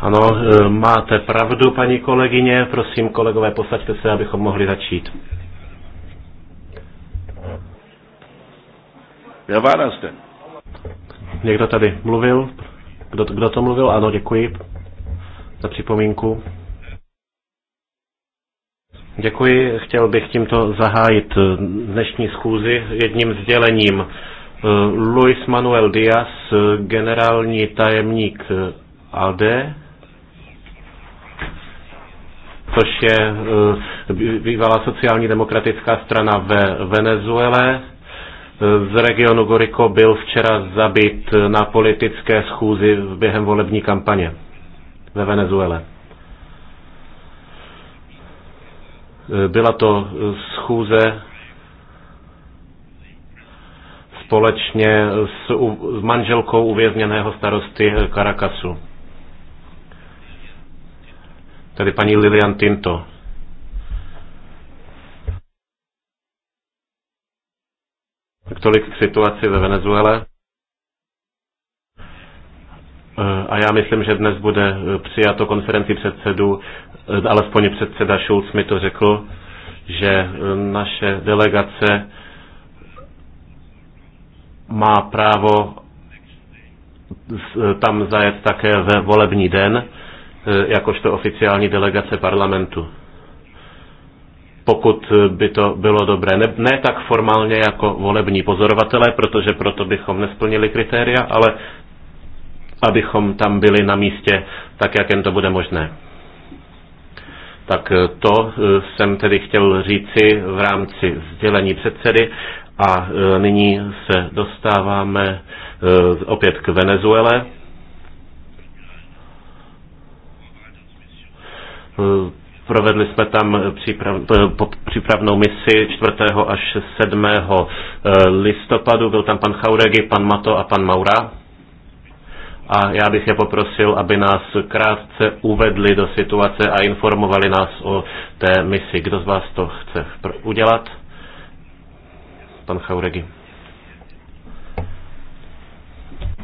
Ano, eh, máte pravdu, paní kolegyně. Prosím, kolegové, posaďte se, abychom mohli začít. Já war Někdo tady mluvil? Kdo, kdo to mluvil? Ano, děkuji za připomínku. Děkuji. Chtěl bych tímto zahájit eh, dnešní schůzi jedním sdělením. Eh, Luis Manuel Díaz, eh, generální tajemník eh, AD, což je bývalá sociální demokratická strana ve Venezuele. Z regionu Goriko byl včera zabit na politické schůzi během volební kampaně ve Venezuele. Byla to schůze společně s, s manželkou uvězněného starosty Karakasu. Eh, Tady paní Lilian Tinto. Tak tolik k situaci ve Venezuele. Eh, a já myslím, že dnes bude eh, přijato konferenci předsedů, alespoň předseda Schulz mi to řekl, že naše delegace má právo tam zajet také ve volební den, e, jakožto oficiální delegace parlamentu. Pokud by to bylo dobré. Ne, ne tak formálně jako volební pozorovatelé, protože proto bychom nesplnili kritéria, ale abychom tam byli na místě tak, jak jen to bude možné. Tak e, to e, jsem tedy chtěl říci v rámci sdělení předsedy a e, nyní se dostáváme e, opět k Venezuele. E, provedli jsme tam přípravnou misi 4. až 7. listopadu. Byl tam pan Chauregi, pan Mato a pan Maura. A já bych je poprosil, aby nás krátce uvedli do situace a informovali nás o té misi. Kdo z vás to chce udělat? pan Chauregi.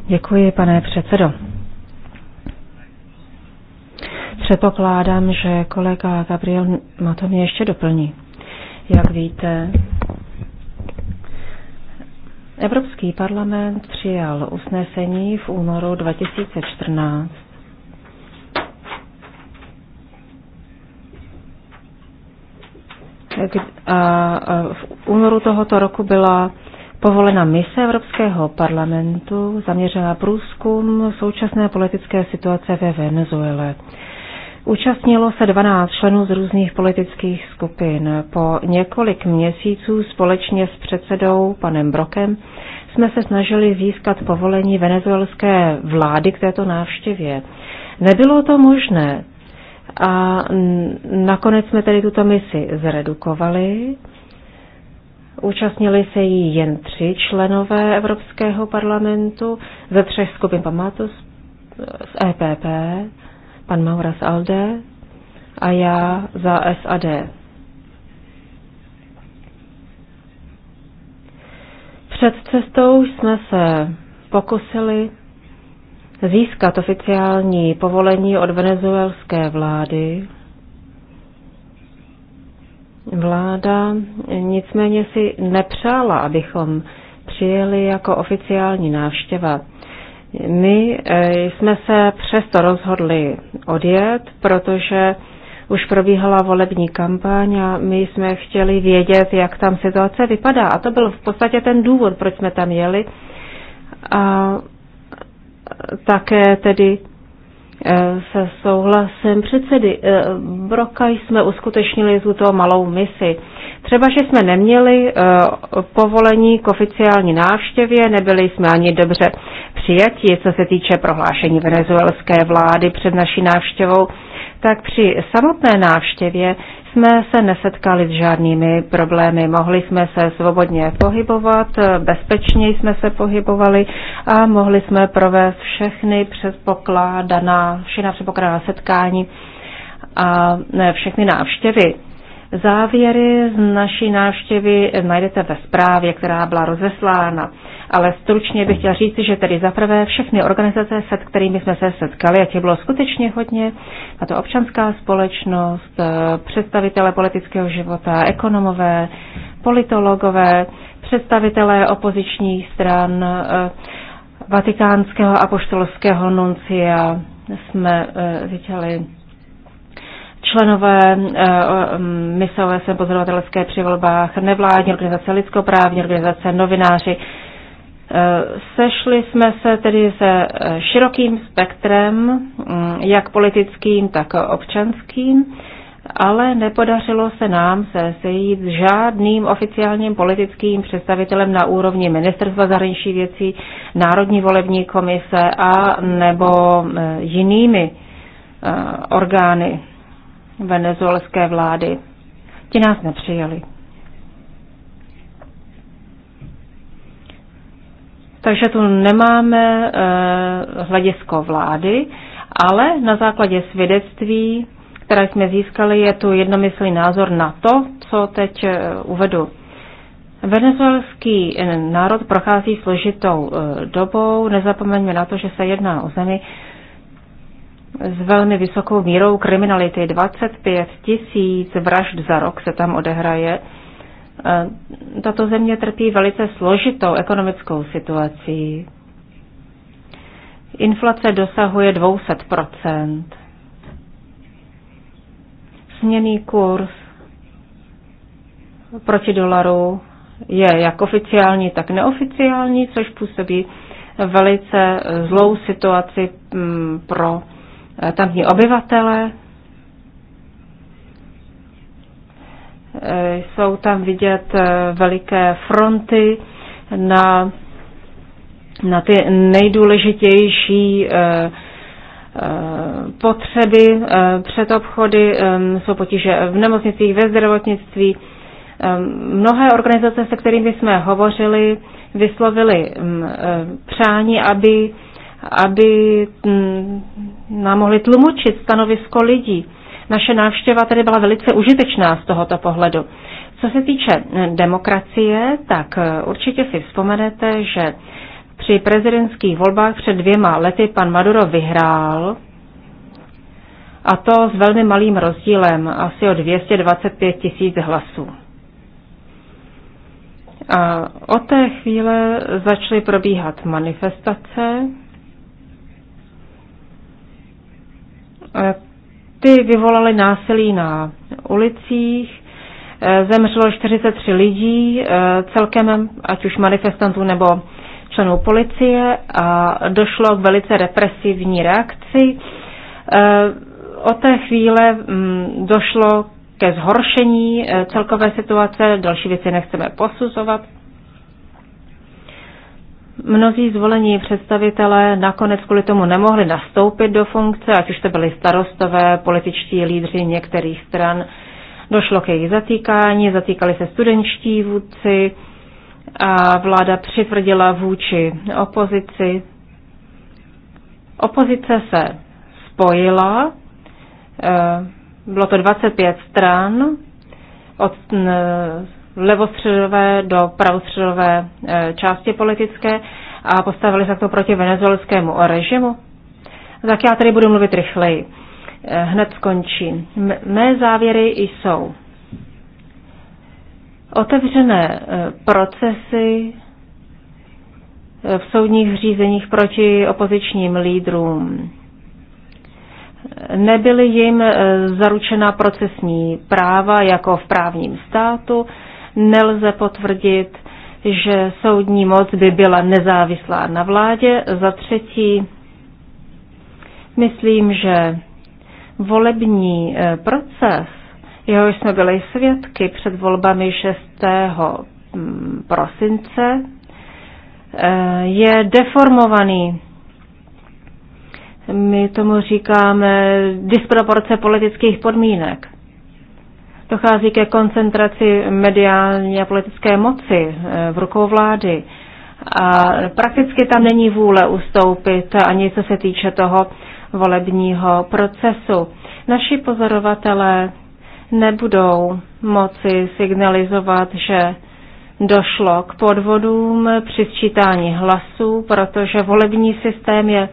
Děkuji, pane předsedo. Předpokládám, že kolega Gabriel má to mě ještě doplní. Jak víte, Evropský parlament přijal usnesení v únoru 2014 a v únoru tohoto roku byla povolena mise Evropského parlamentu zaměřená průzkum současné politické situace ve Venezuele. Účastnilo se 12 členů z různých politických skupin. Po několik měsíců společně s předsedou panem Brokem jsme se snažili získat povolení venezuelské vlády k této návštěvě. Nebylo to možné. A nakonec jsme tedy tuto misi zredukovali. Účastnili se jí jen tři členové Evropského parlamentu ze třech skupin památů z EPP, pan Mauras Alde a já za SAD. Před cestou jsme se pokusili získat oficiální povolení od venezuelské vlády. Vláda nicméně si nepřála, abychom přijeli jako oficiální návštěva. My eh, jsme se přesto rozhodli odjet, protože už probíhala volební kampaň a my jsme chtěli vědět, jak tam situace vypadá. A to byl v podstatě ten důvod, proč jsme tam jeli. A také tedy eh, se souhlasem předsedy eh, Broka jsme uskutečnili tuto malou misi. Třeba, že jsme neměli eh, povolení k oficiální návštěvě, nebyli jsme ani dobře přijati, co se týče prohlášení venezuelské vlády před naší návštěvou, tak při samotné návštěvě jsme se nesetkali s žádnými problémy. Mohli jsme se svobodně pohybovat, bezpečně jsme se pohybovali a mohli jsme provést všechny předpokládaná, všechna předpokládaná setkání a všechny návštěvy. Závěry z naší návštěvy najdete ve zprávě, která byla rozeslána ale stručně bych chtěla říct, že tedy zaprvé všechny organizace, se kterými jsme se setkali, a těch bylo skutečně hodně, a to občanská společnost, eh, představitelé politického života, ekonomové, politologové, představitelé opozičních stran, eh, vatikánského a poštolského nuncia jsme viděli eh, členové mm, mise OSN pozorovatelské při volbách, nevládní organizace, lidskoprávní organizace, novináři. Sešli jsme se tedy se eh, širokým spektrem, mm, jak politickým, tak občanským, ale nepodařilo se nám se sejít s žádným oficiálním politickým představitelem na úrovni ministerstva zahraničních věcí, Národní volební komise a nebo eh, jinými eh, orgány venezuelské vlády. Ti nás nepřijali. Takže tu nemáme eh, hledisko vlády, ale na základě svědectví, které jsme získali, je tu jednomyslný názor na to, co teď eh, uvedu. Venezuelský eh, národ prochází složitou dobou. Nezapomeňme na to, že se jedná o zemi s velmi vysokou mírou kriminality. 25 tisíc vražd za rok se tam odehraje Eh, tato země trpí velice složitou ekonomickou situací. Inflace dosahuje 200%. Směný kurz proti dolaru je jak oficiální, tak neoficiální, což působí velice zlou situaci mm, pro eh, tamní obyvatele, Eh, jsou tam vidět eh, veliké fronty na, na ty nejdůležitější eh, potřeby před obchody, jsou potíže v nemocnicích, ve zdravotnictví. Mnohé organizace, se kterými jsme hovořili, vyslovili přání, aby, aby mm, nám mohli tlumočit stanovisko lidí. Naše návštěva tedy byla velice užitečná z tohoto pohledu. Co se týče eh, demokracie, tak eh, určitě si vzpomenete, že při prezidentských volbách před dvěma lety pan Maduro vyhrál a to s velmi malým rozdílem, asi o 225 tisíc hlasů. A od té chvíle začaly probíhat manifestace, ty vyvolaly násilí na ulicích, eh, zemřelo 43 lidí eh, celkem, ať už manifestantů nebo členů policie a došlo k velice represivní reakci. Eh, od té chvíle mm, došlo ke zhoršení celkové situace, další věci nechceme posuzovat. Mnozí zvolení představitelé nakonec kvůli tomu nemohli nastoupit do funkce, ať už to byli starostové, političtí lídři některých stran. Došlo k jejich zatýkání, zatýkali se studenčtí vůdci a vláda přitvrdila vůči opozici. Opozice se spojila, eh, bylo to 25 stran, od levostředové do pravostředové eh, části politické a postavili se k tomu proti venezuelskému režimu. Tak já tady budu mluvit rychleji. Eh, hned skončím. M- mé závěry jsou otevřené eh, procesy v soudních řízeních proti opozičním lídrům. Nebyly jim zaručena procesní práva jako v právním státu, nelze potvrdit, že soudní moc by byla nezávislá na vládě. Za třetí, myslím, že volební eh, proces, jehož jsme byli svědky před volbami 6. Mm, prosince, eh, je deformovaný. My tomu říkáme disproporce politických podmínek. Dochází ke koncentraci mediální a politické moci eh, v rukou vlády. A prakticky tam není vůle ustoupit ani co se týče toho volebního procesu. Naši pozorovatelé nebudou moci signalizovat, že došlo k podvodům při sčítání hlasů, protože volební systém je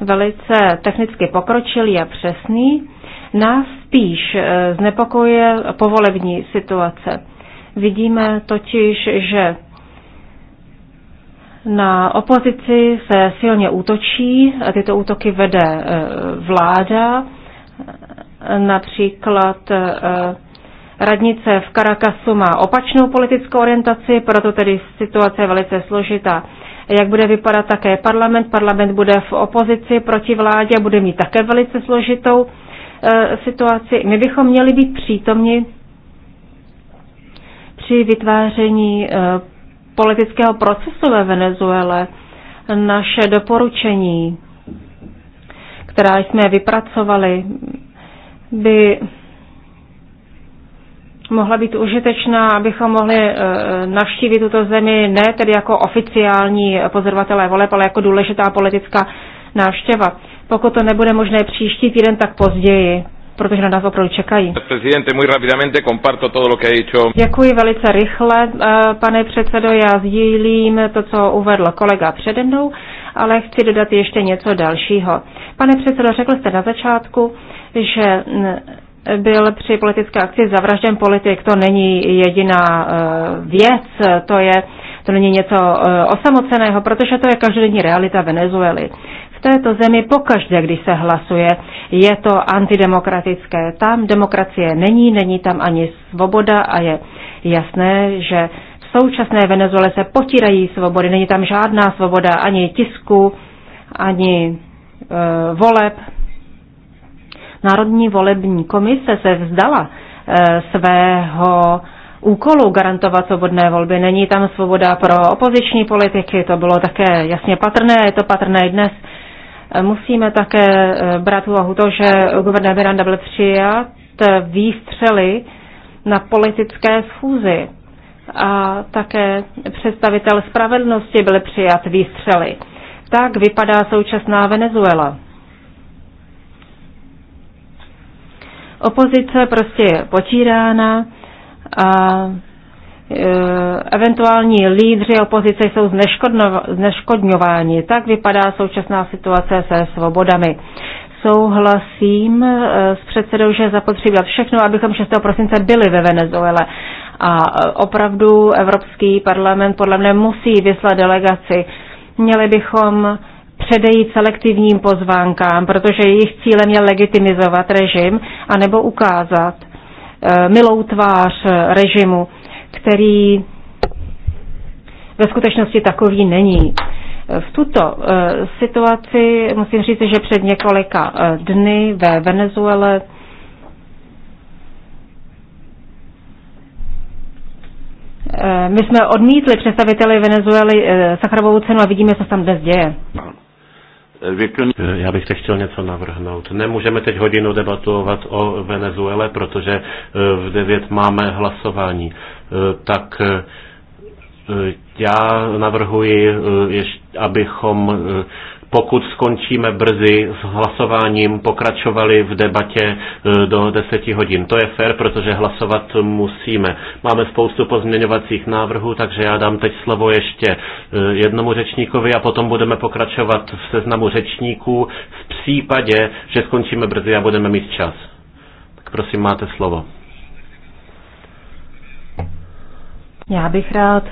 velice technicky pokročilý a přesný Nás spíš eh, znepokojuje povolební situace. Vidíme totiž, že na opozici se silně útočí, a tyto útoky vede eh, vláda, například eh, radnice v Karakasu má opačnou politickou orientaci, proto tedy situace je velice složitá. Jak bude vypadat také parlament? Parlament bude v opozici proti vládě, bude mít také velice složitou Eh, situaci. My bychom měli být přítomni při vytváření eh, politického procesu ve Venezuele. Naše doporučení, která jsme vypracovali, by mohla být užitečná, abychom mohli eh, navštívit tuto zemi ne tedy jako oficiální pozorovatelé voleb, ale jako důležitá politická návštěva. Pokud to nebude možné příští týden, tak později protože na nás opravdu čekají. Děkuji velice rychle, eh, pane předsedo, já sdílím to, co uvedl kolega přede mnou, ale chci dodat ještě něco dalšího. Pane předsedo, řekl jste na začátku, že mm, byl při politické akci zavražděn politik, to není jediná eh, věc, to je to není něco eh, osamoceného, protože to je každodenní realita Venezuely v této zemi pokaždé, když se hlasuje, je to antidemokratické. Tam demokracie není, není tam ani svoboda a je jasné, že v současné Venezuele se potírají svobody. Není tam žádná svoboda ani tisku, ani e, voleb. Národní volební komise se vzdala e, svého úkolu garantovat svobodné volby. Není tam svoboda pro opoziční politiky, to bylo také jasně patrné, je to patrné i dnes. Musíme také eh, brát v úvahu to, že guvernér Miranda byl přijat eh, výstřely na politické schůzi a také představitel spravedlnosti byl přijat výstřely. Tak vypadá současná Venezuela. Opozice prostě je potírána a Eh, eventuální lídři opozice jsou zneškodňováni. Tak vypadá současná situace se svobodami. Souhlasím eh, s předsedou, že zapotřebí všechno, abychom 6. prosince byli ve Venezuele. A eh, opravdu Evropský parlament podle mne musí vyslat delegaci. Měli bychom předejít selektivním pozvánkám, protože jejich cílem je legitimizovat režim anebo ukázat milou tvář režimu který ve skutečnosti takový není. V tuto eh, situaci musím říct, že před několika eh, dny ve Venezuele eh, My jsme odmítli představiteli Venezuely Sacharovou cenu a vidíme, co se tam dnes děje. Já bych teď chtěl něco navrhnout. Nemůžeme teď hodinu debatovat o Venezuele, protože v 9 máme hlasování. Eh, tak eh, já navrhuji, eh, abychom pokud skončíme brzy s hlasováním, pokračovali v debatě do 10 hodin. To je fér, protože hlasovat musíme. Máme spoustu pozměňovacích návrhů, takže já dám teď slovo ještě jednomu řečníkovi a potom budeme pokračovat v seznamu řečníků v případě, že skončíme brzy a budeme mít čas. Tak prosím, máte slovo. Já bych rád,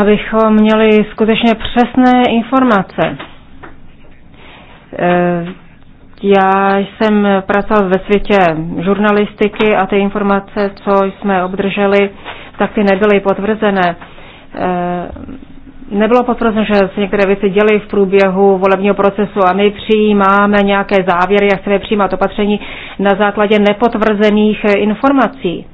abychom měli skutečně přesné informace. Eh, já jsem pracoval ve světě žurnalistiky a ty informace, co jsme obdrželi, tak ty nebyly potvrzené. Eh, nebylo potvrzeno, že se některé věci děly v průběhu volebního procesu a my přijímáme nějaké závěry a chceme přijímat opatření na základě nepotvrzených eh, informací.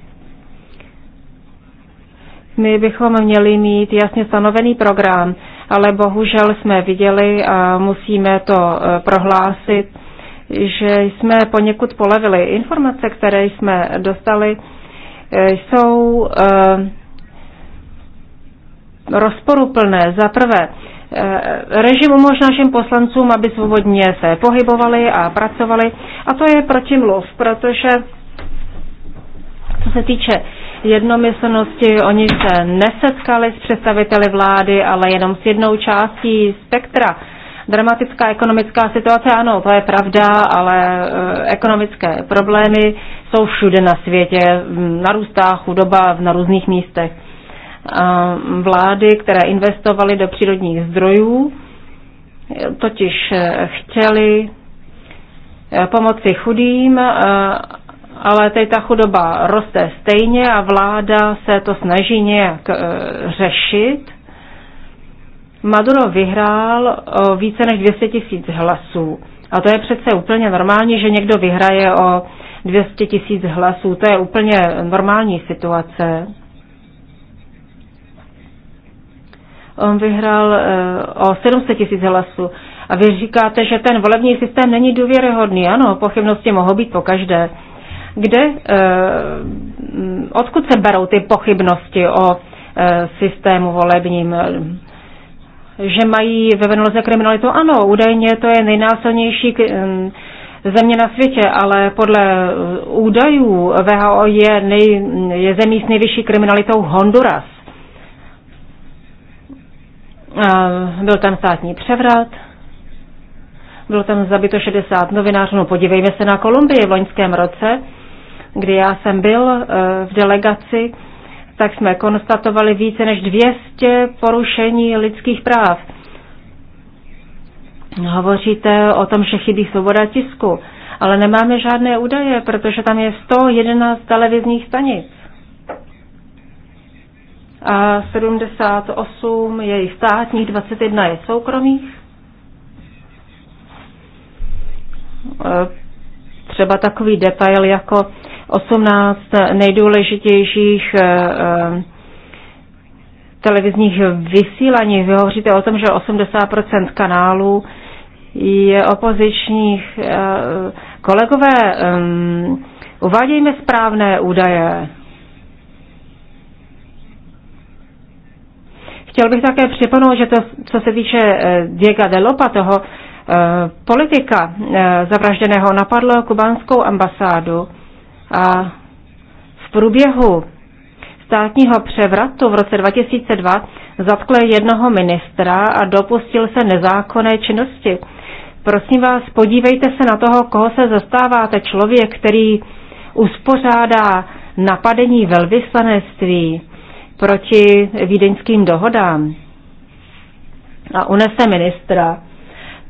My bychom měli mít jasně stanovený program, ale bohužel jsme viděli a musíme to e, prohlásit, že jsme poněkud polevili. Informace, které jsme dostali, e, jsou e, rozporuplné. Za prvé, režim umožňuje našim poslancům, aby svobodně se pohybovali a pracovali. A to je protimluv, protože co se týče jednomyslnosti. Oni se nesetkali s představiteli vlády, ale jenom s jednou částí spektra. Dramatická ekonomická situace, ano, to je pravda, ale e, ekonomické problémy jsou všude na světě. Narůstá chudoba na různých místech. Vlády, které investovaly do přírodních zdrojů, totiž e, chtěli e, pomoci chudým ale teď ta chudoba roste stejně a vláda se to snaží nějak e, řešit. Maduro vyhrál o e, více než 200 tisíc hlasů. A to je přece úplně normální, že někdo vyhraje o 200 tisíc hlasů. To je úplně normální situace. On vyhrál e, o 700 tisíc hlasů. A vy říkáte, že ten volební systém není důvěryhodný. Ano, pochybnosti mohou být po každé kde, eh, mm, odkud se berou ty pochybnosti o eh, systému volebním, že mají ve Venezuele kriminalitu. Ano, údajně to je nejnásilnější eh, země na světě, ale podle údajů VHO je, nej, je zemí s nejvyšší kriminalitou Honduras. Byl tam státní převrat, bylo tam zabito 60 novinářů. No podívejme se na Kolumbii v loňském roce kdy já jsem byl eh, v delegaci, tak jsme konstatovali více než 200 porušení lidských práv. Hovoříte o tom, že chybí svoboda tisku, ale nemáme žádné údaje, protože tam je 111 televizních stanic. A 78 je jich státních, 21 je soukromých eh, třeba takový detail jako 18 nejdůležitějších eh, eh, televizních vysílání. Vy hovoříte o tom, že 80% kanálů je opozičních. Eh, kolegové, ehm, uvádějme správné údaje. Chtěl bych také připomenout, že to, co se týče Diego Delopa, toho Eh, politika eh, zavražděného napadla kubánskou ambasádu a v průběhu státního převratu v roce 2002 zatkl jednoho ministra a dopustil se nezákonné činnosti. Prosím vás, podívejte se na toho, koho se zastáváte. Člověk, který uspořádá napadení velvyslanectví proti vídeňským dohodám a unese ministra,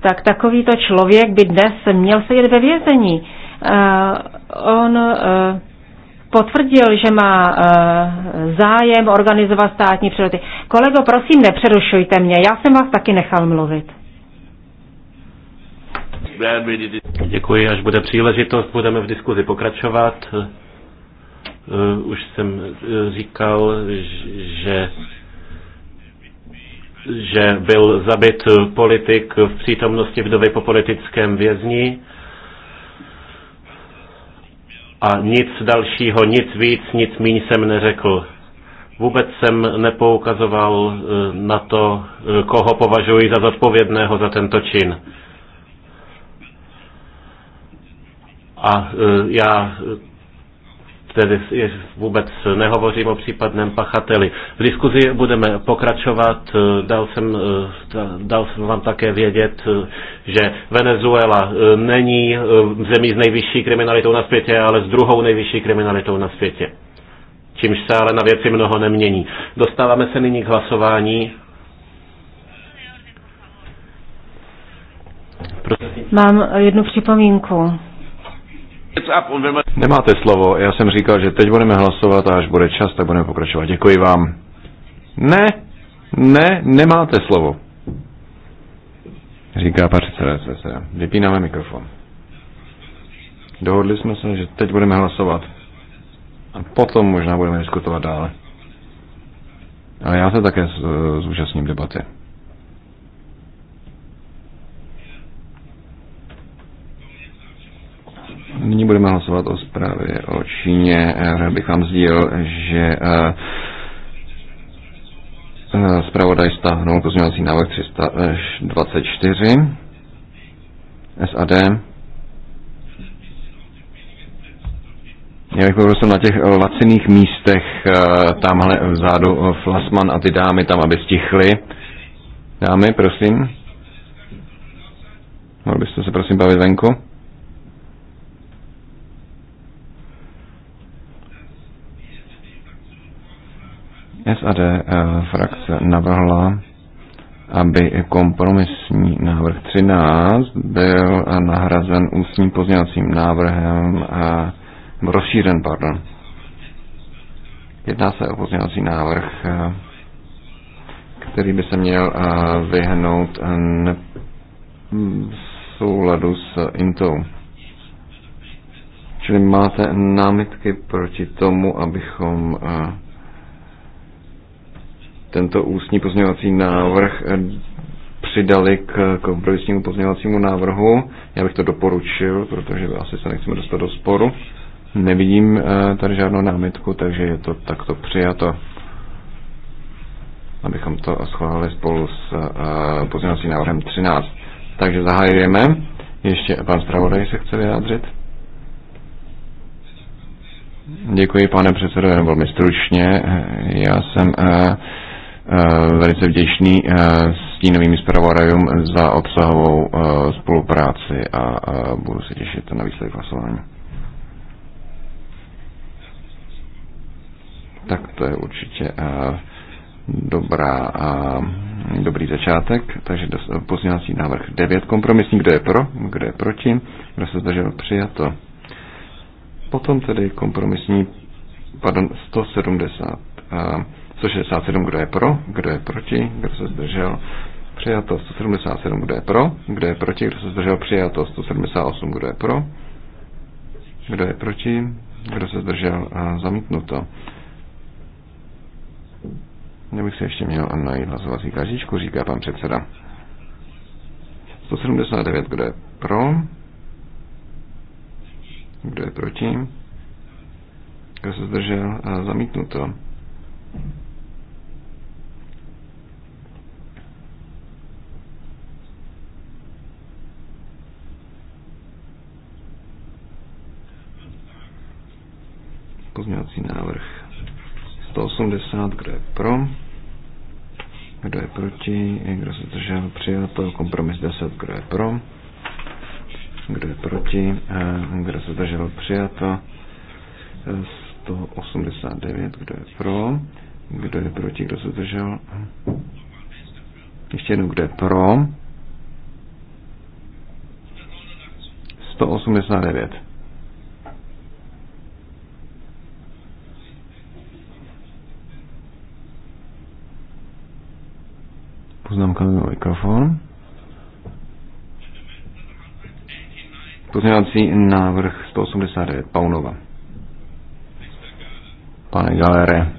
tak takovýto člověk by dnes měl sedět ve vězení. Eh, on eh, potvrdil, že má eh, zájem organizovat státní přelety. Kolego, prosím, nepřerušujte mě, já jsem vás taky nechal mluvit. Děkuji, až bude příležitost, budeme v diskuzi pokračovat. Už jsem říkal, že že byl zabit politik v přítomnosti vdovy po politickém vězni a nic dalšího, nic víc, nic míň jsem neřekl. Vůbec jsem nepoukazoval eh, na to, eh, koho považuji za zodpovědného za tento čin. A eh, já tedy vůbec nehovořím o případném pachateli. V diskuzi budeme pokračovat, dal jsem, dal jsem vám také vědět, že Venezuela není zemí s nejvyšší kriminalitou na světě, ale s druhou nejvyšší kriminalitou na světě. Čímž se ale na věci mnoho nemění. Dostáváme se nyní k hlasování. Prosím. Mám jednu připomínku. Nemáte slovo, já jsem říkal, že teď budeme hlasovat a až bude čas, tak budeme pokračovat. Děkuji vám. Ne, ne, nemáte slovo. Říká pan předseda SSE. Vypínáme mikrofon. Dohodli jsme se, že teď budeme hlasovat. A potom možná budeme diskutovat dále. Ale já se také zúčastním debaty. Nyní budeme hlasovat o zprávě o Číně. Rád bych vám sdíl, že eh, eh, zpravodaj stáhnul pozměňovací návrh 324 SAD. Já bych poprosil na těch laciných místech eh, tamhle vzadu Flasman a ty dámy tam, aby stichly. Dámy, prosím. Mohl byste se prosím bavit venku? SAD eh, frakce navrhla, aby kompromisní návrh 13 byl eh, nahrazen ústním pozměňovacím návrhem, eh, rozšířen, pardon. Jedná se o pozměňovací návrh, který by se měl vyhnout souladu s Intou. Čili máte námitky proti tomu, abychom tento ústní pozměňovací návrh eh, přidali k kompromisnímu pozměňovacímu návrhu. Já bych to doporučil, protože asi se nechceme dostat do sporu. Nevidím eh, tady žádnou námitku, takže je to takto přijato abychom to schválili spolu s eh, pozměňovacím návrhem 13. Takže zahajujeme. Ještě pan zpravodaj se chce vyjádřit. Děkuji, pane předsedo, jen velmi stručně. Já jsem uh, Eh, velice vděčný eh, tím zpravodajům za obsahovou eh, spolupráci a budu se těšit na výsledek hlasování. Tak to je určitě dobrá, dobrý začátek. Takže pozměňovací návrh 9 kompromisní. Kdo je pro? Kdo je proti? Kdo se zdržel? Přijato. Potom tedy kompromisní, pardon, 170 167, kdo je pro, kdo je proti, kdo se zdržel, přijato 177, kdo je pro, kdo je proti, kdo se zdržel, přijato 178, kdo je pro, kdo je proti, kdo se zdržel, zamítnuto. Já bych se ještě měl najít hlasovací kažičku, říká pan předseda. 179, kdo je pro, kdo je proti, kdo se zdržel, zamítnuto. Pozměňovací návrh 180, kdo je pro, kdo je proti, kdo se držel přijato, kompromis 10, eh, kdo je pro, kdo je proti, kdo se držel přijato, 189, kdo je pro, kdo je proti, kdo se držel, ještě jednou, kdo je pro, 189. Poznámka na mikrofon. Pozměňovací návrh 189 Paunova. Pane Galere,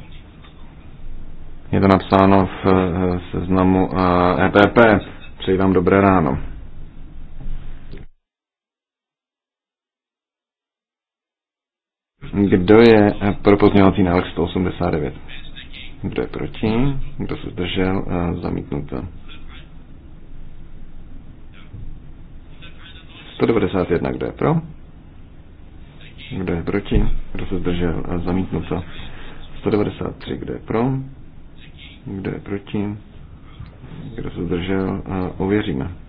je to napsáno v eh, seznamu EPP. Eh, e Přeji vám dobré ráno. Kdo je eh, pro pozměňovací návrh 189? Kdo je proti? Kdo se zdržel? Zamítnuto. 191. Kdo je pro? Kdo je proti? Kdo se zdržel? Zamítnuto. 193. Kdo je pro? Kdo je proti? Kdo se zdržel? Ověříme.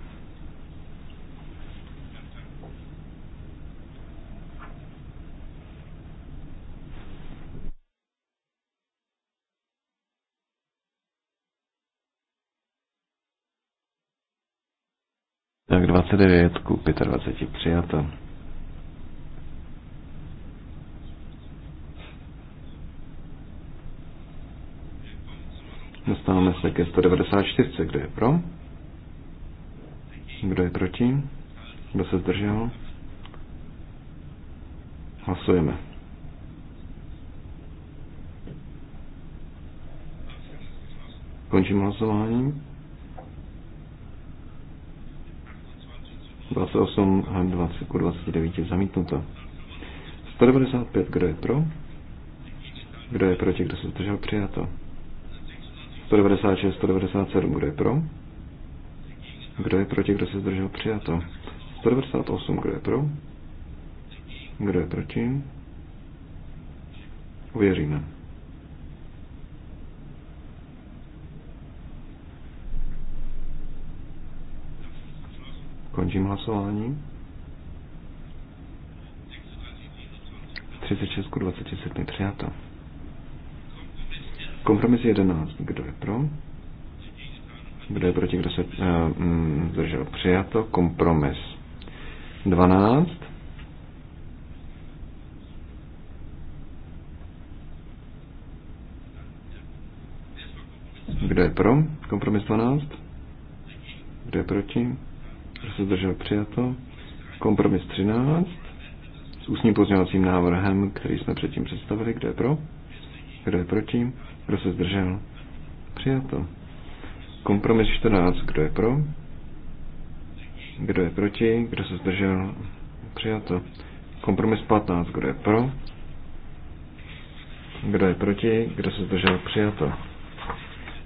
29 ku 25 přijato. Dostáváme se ke 194, kdo je pro? Kdo je proti? Kdo se zdržel? Hlasujeme. Končím hlasování. 28, 20 ku 29 zamítnuto. 195, kdo je pro? Kdo je proti, kdo se zdržel, přijato. 196, 197, kdo je pro? Kdo je proti, kdo se zdržel, přijato. 198, kdo je pro? Kdo je proti? Uvěříme. Končím hlasování. 36 k 27 přijato. Kompromis 11. Kdo je pro? Kdo je proti? Kdo se uh, zdržel? Přijato. Kompromis 12. Kdo je pro? Kompromis 12. Kdo je proti? se zdržel přijato. Kompromis 13 s ústním pozměňovacím návrhem, který jsme předtím představili. Kdo je pro? Kdo je proti? Kdo se zdržel? Přijato. Kompromis 14. Kdo je pro? Kdo je proti? Kdo se zdržel? Přijato. Kompromis 15. Kdo je pro? Kdo je proti? Kdo se zdržel? Přijato.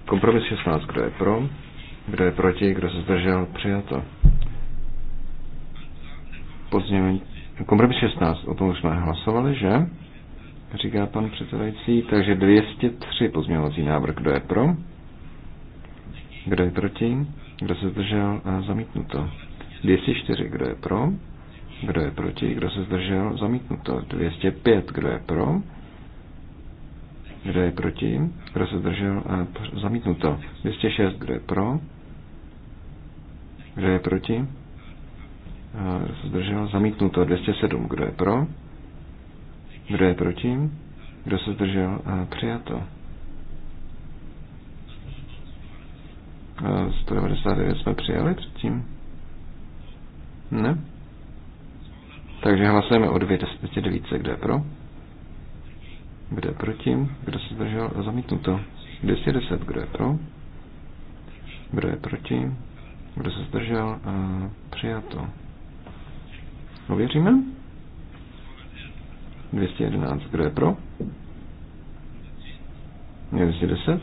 Kompromis 16. Kdo je pro? Kdo je proti? Kdo se zdržel? Přijato. Později, kompromis 16, o tom už jsme hlasovali, že? Říká pan předsedající. Takže 203 pozměňovací návrh. Kdo je pro? Kdo je proti? Kdo se zdržel? A zamítnuto. 204. Kdo je pro? Kdo je proti? Kdo se zdržel? Zamítnuto. 205. Kdo je pro? Kdo je proti? Kdo se zdržel? A zamítnuto. 206. Kdo je pro? Kdo je proti? se eh, zdržel? Zamítnuto. 207. Kdo je pro? Kdo je proti? Kdo se zdržel? Eh, přijato. 199 eh, jsme přijali předtím? Ne? Takže hlasujeme o 209, kde je pro? Kde je proti? Kdo se zdržel? Zamítnuto. 210, kdo je pro? Kdo je proti? Kdo se zdržel? Přijato. Ověříme. 211, kdo je pro? Ne, 210?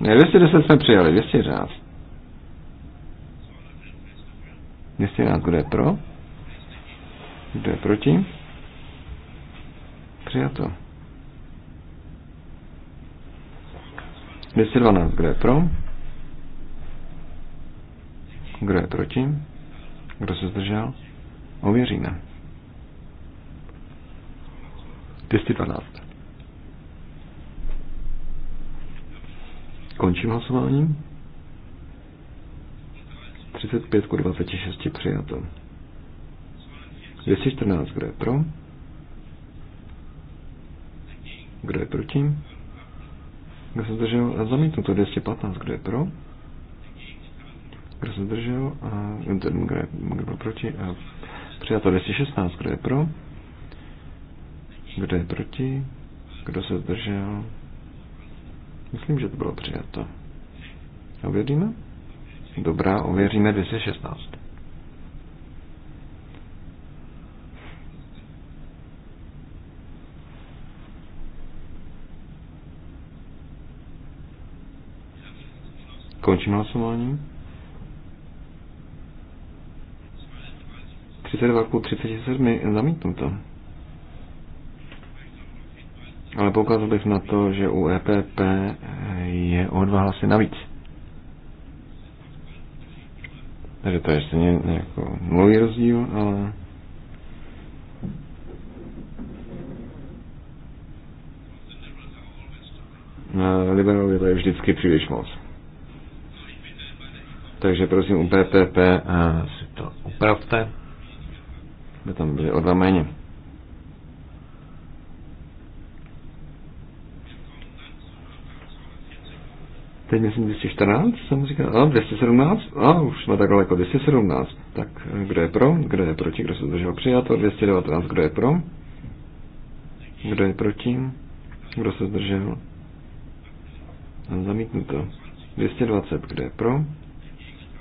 Ne, 210 jsme přijali, 211. 211, kdo je pro? Kdo je proti? Přijato. 212, kdo je pro? Kdo je proti? Kdo se zdržel? Ověříme. 212. Končím hlasování. 35 ku 26 přijato. 214, kdo je pro? Kdo je proti? Kdo se zdržel? to 215, kdo je pro? Kdo se zdržel? A ten, kdo, je, kdo byl proti? A Přijato 216, kdo je pro? Kdo je proti? Kdo se zdržel? Myslím, že to bylo přijato. Ověříme? Dobrá, ověříme 216. Končím hlasování. 32 ku 37 zamítnuto. Ale poukázal bych na to, že u EPP je o dva hlasy navíc. Takže to je ještě jako nulový rozdíl, ale... Liberálové to je vždycky příliš moc. Takže prosím u PPP eh, si to upravte by tam byly o dva méně. Teď myslím 214, jsem říkal, a 217, a už jsme tak daleko, 217. Tak kdo je pro, kdo je proti, kdo se zdržel přijato, 219, kdo je pro, kdo je proti, kdo se zdržel, zamítnuto. 220, kdo je pro,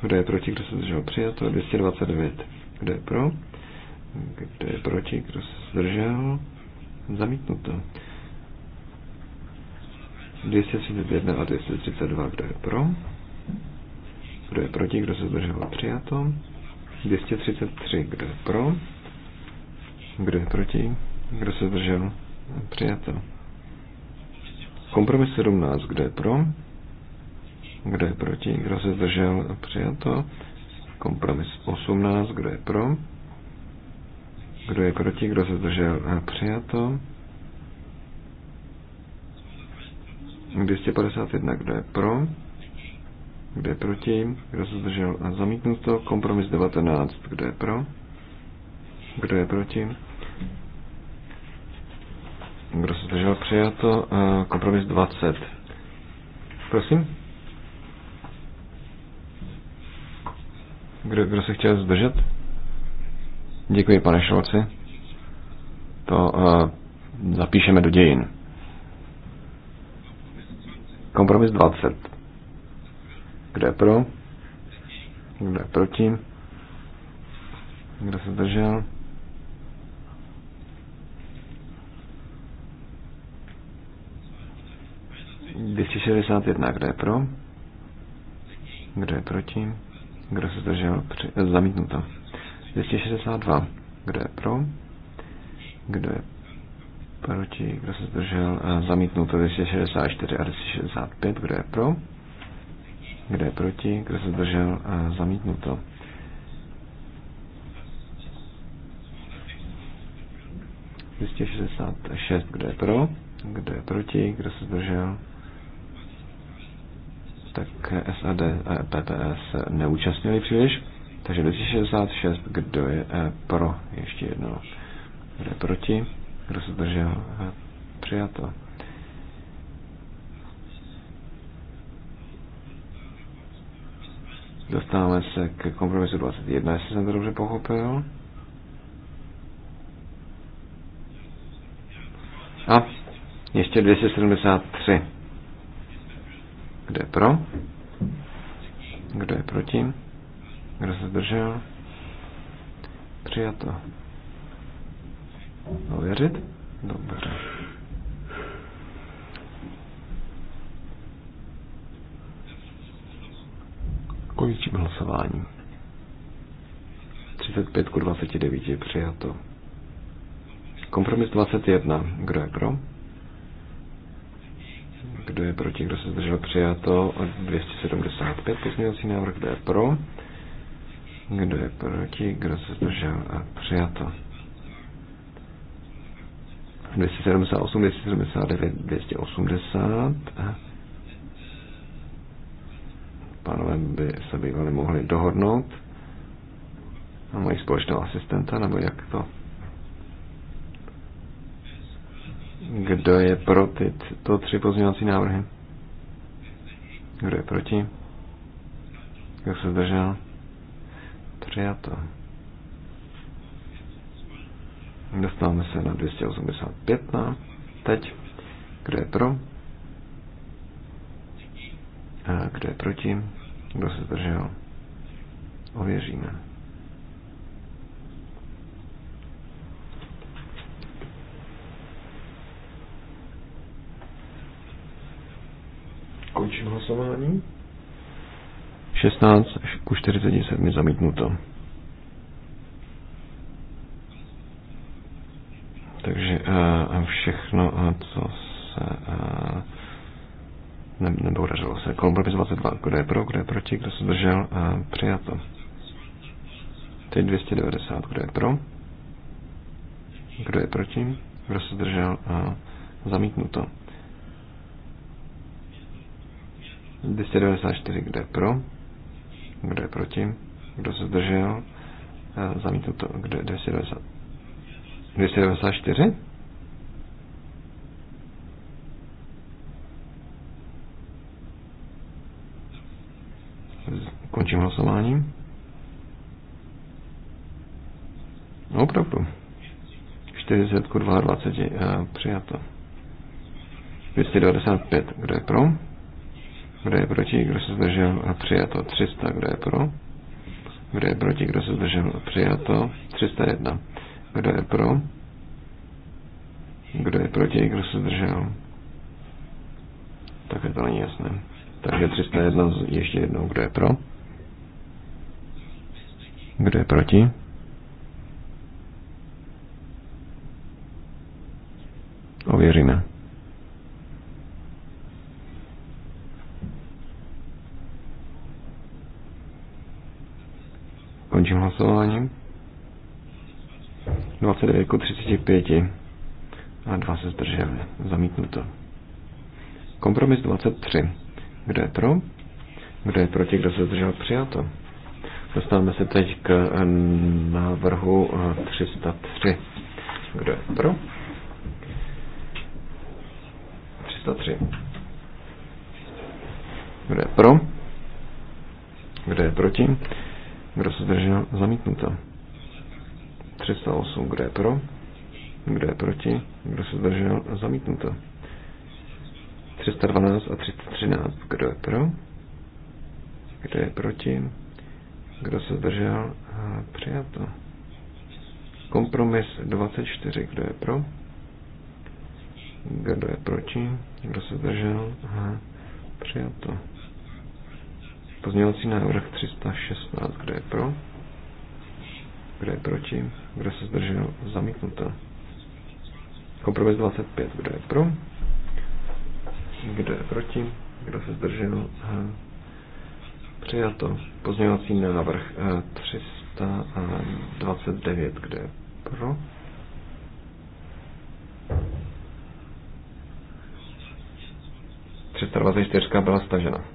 kdo je proti, kdo se zdržel přijato, 229, kdo je pro, kdo je proti? Kdo se zdržel? Zamítnuto. 231 a 232. Kdo je pro? Kdo je proti? Kdo se zdržel? Přijato. 233. Kdo je pro? Kdo je proti? Kdo se zdržel? Přijato. Kompromis 17. Kdo je pro? Kdo je proti? Kdo se zdržel? Přijato. Kompromis 18. Kdo je pro? Kdo je proti? Kdo se zdržel? Eh, přijato. 251. Kdo je pro? Kdo je proti? Kdo se zdržel? Eh, zamítnuto. Kompromis 19. Kdo je pro? Kdo je proti? Kdo se zdržel? Přijato. Eh, kompromis 20. Prosím? Kdo, kdo se chtěl zdržet? Děkuji, pane Šolci. To uh, zapíšeme do dějin. Kompromis 20. Kdo je pro? Kdo je proti? Kdo se zdržel? jedna, kdo je pro? Kdo je proti? Kdo se zdržel? Při... Zamítnuto. 262. Kdo je pro? Kdo je proti? Kdo se zdržel? to 264 a 265. Kdo je pro? Kdo je proti? Kdo se zdržel? Zamítnuto. šest, kdo je pro, kdo je proti, kdo se zdržel, tak SAD a PPS neúčastnili příliš. Takže 266, kdo je eh, pro, ještě jednou. Kdo je proti, kdo se zdržel, eh, přijato. Dostáváme se k kompromisu 21, jestli jsem to dobře pochopil. A ještě 273. Kdo je pro? Kdo je proti? Kdo se zdržel? Přijato. Ověřit? Dobře. Končím hlasování. 35 k 29 je přijato. Kompromis 21. Kdo je pro? Kdo je proti? Kdo se zdržel přijato? 275 pozměňovací návrh. Kdo je pro? Kdo je proti? Kdo se zdržel? A přijato. 278, 279, 280. Pánové by se bývali mohli dohodnout. A mají společného asistenta, nebo jak to? Kdo je pro tyto tři pozměňovací návrhy? Kdo je proti? Kdo se zdržel? Přijato. Dostáváme se na 285 no. teď. Kdo je pro? A kdo je proti? Kdo se zdržel? Ověříme. Končím hlasování. 16 ku 47 zamítnuto. Takže eh, všechno, eh, co se eh, ne, nepodařilo se. Kompromis 22. Kdo je pro, kdo je proti, kdo se držel, přijato. Teď 290. Kdo je pro? Kdo je proti? Kdo se držel? Zamítnuto. 294. Kdo je pro? Kdo je proti? Kdo se zdržel? E, Zamítnuto. kde je 294? Končím hlasování. No, opravdu. 40 k 22 přijato. 295. Kdo je pro? Kdo je proti? Kdo se zdržel? A přijato 300. Kdo je pro? Kdo je proti? Kdo se zdržel? A přijato 301. Kdo je pro? Kdo je proti? Kdo se zdržel? je to není jasné. Takže 301 ještě jednou. Kdo je pro? Kdo je proti? Ověříme. Končím hlasování. 29 ku 35 a 2 se zdrželi. Zamítnuto. Kompromis 23. Kdo je pro? Kdo je proti? Kdo se zdržel? Přijato. Dostáváme se teď k eh, návrhu 303. Eh, Kdo je pro? 303. Kdo je pro? Kdo je proti? Kdo se zdržel? Zamítnuto. 308. Kdo je pro? Kdo je proti? Kdo se zdržel? Zamítnuto. 312 a 313. Kdo je pro? Kdo je proti? Kdo se zdržel? Přijato. Kompromis 24. Kdo je pro? Kdo je proti? Kdo se zdržel? Přijato. Pozměňovací návrh 316, kdo je pro? Kdo je proti? Kdo se zdržel? Zamítnuto. Kompromis 25, kdo je pro? Kdo je proti? Kdo se zdržel? Přijato. Pozměňovací návrh 329, eh, kde je pro? čtyřka byla stažena.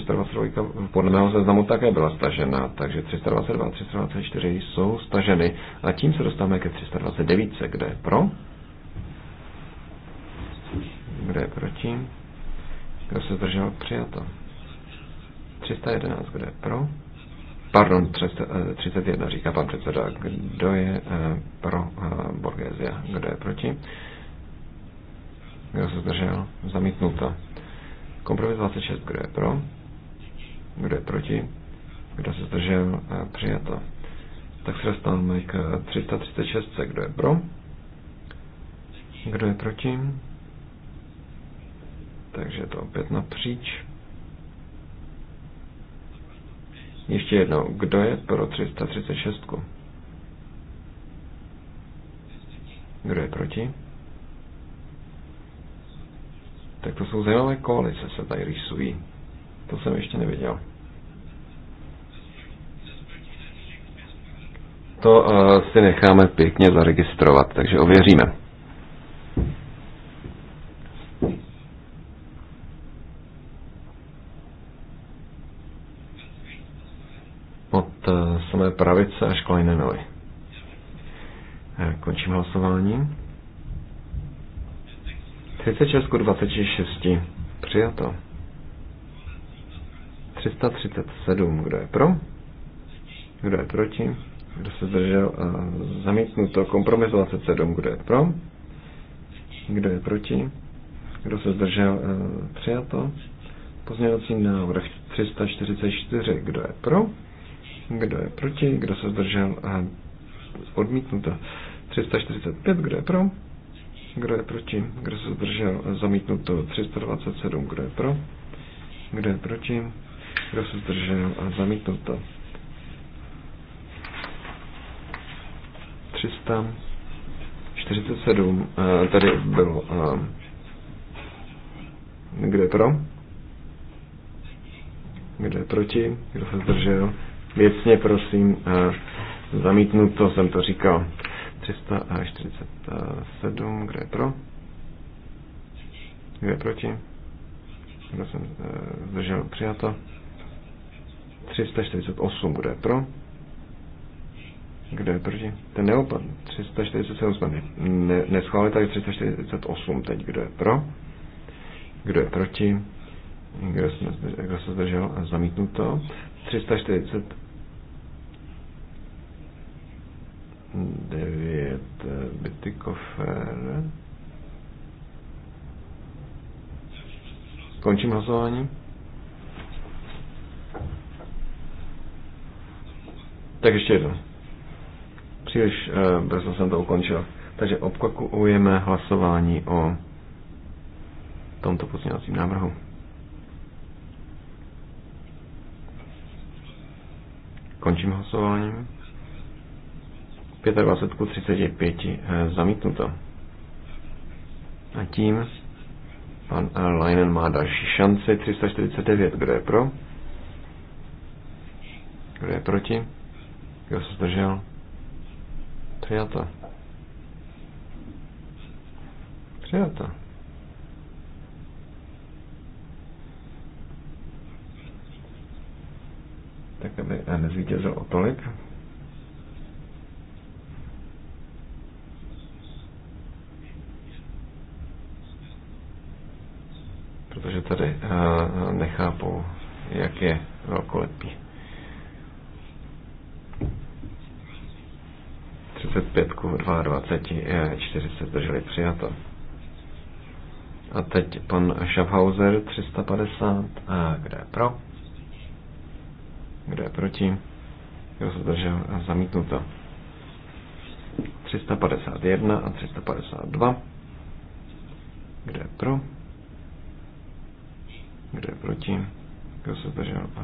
322 podle mého seznamu také byla stažena, takže 322 a 324 jsou staženy a tím se dostáváme ke 329, kde je pro, kde je proti, kdo se zdržel, přijato. 311, kde je pro, pardon, 31 eh, říká pan předseda, kdo je eh, pro eh, Borgesia, kdo je proti, kdo se zdržel, zamítnuto. Kompromis 26, kdo je pro? Kdo je proti? Kdo se zdržel? Přijato. Tak se dostáváme k 336. Kdo je pro? Kdo je proti? Takže to opět napříč. Ještě jednou, kdo je pro 336? Kdo je proti? Tak to jsou zajímavé koalice, se tady rýsují. To jsem ještě neviděl. To uh, si necháme pěkně zaregistrovat, takže ověříme. Od uh, samé pravice až kolejné Leinenovi. Eh, končím hlasování. 36 26. Přijato. 337. Kdo je pro? Kdo je proti? Kdo se zdržel? Zamítnuto. Kompromis 27. Kdo je pro? Kdo je proti? Kdo se zdržel? Přijato. Pozměňovací návrh 344. Kdo je pro? Kdo je proti? Kdo se zdržel? Odmítnuto. 345. Kdo je pro? Kdo je proti? Kdo se zdržel? Zamítnuto. 327. Kdo je pro? Kdo je proti? Eh, eh, kdo se zdržel a to. 347 tady bylo kde pro kde proti kdo se zdržel věcně prosím eh, to. jsem to říkal 347 kde pro kde proti kdo uh, zdržel přijato 348, bude pro? Kde je proti? Ten neopadl. 347 jsme ne, neschválili, takže 348 teď. Kdo je pro? Kdo je proti? Kdo, jsme, kdo se zdržel? Zamítnuto. 349 byty kofer. Končím hlasování. Tak ještě jednou. Příliš uh, brzo jsem to ukončil. Takže obkakujeme hlasování o tomto pozměňovacím návrhu. Končím hlasováním. 25 ku 35 zamítnuto. A tím pan eh, Leinen má další šanci. 349. Kdo je pro? Kdo je proti? Kdo se zdržel? Přijato. Přijato. Tak aby eh, nezvítězil o tolik. Protože tady eh, nechápou, jak je velkolepý. 25 ku 22, 40 drželi přijato. A teď pan Schaffhauser 350. A kde je pro? Kde je proti? Kdo se zdržel? Zamítnuto. 351 a 352. Kde je pro? Kde je proti? Kdo se držel? A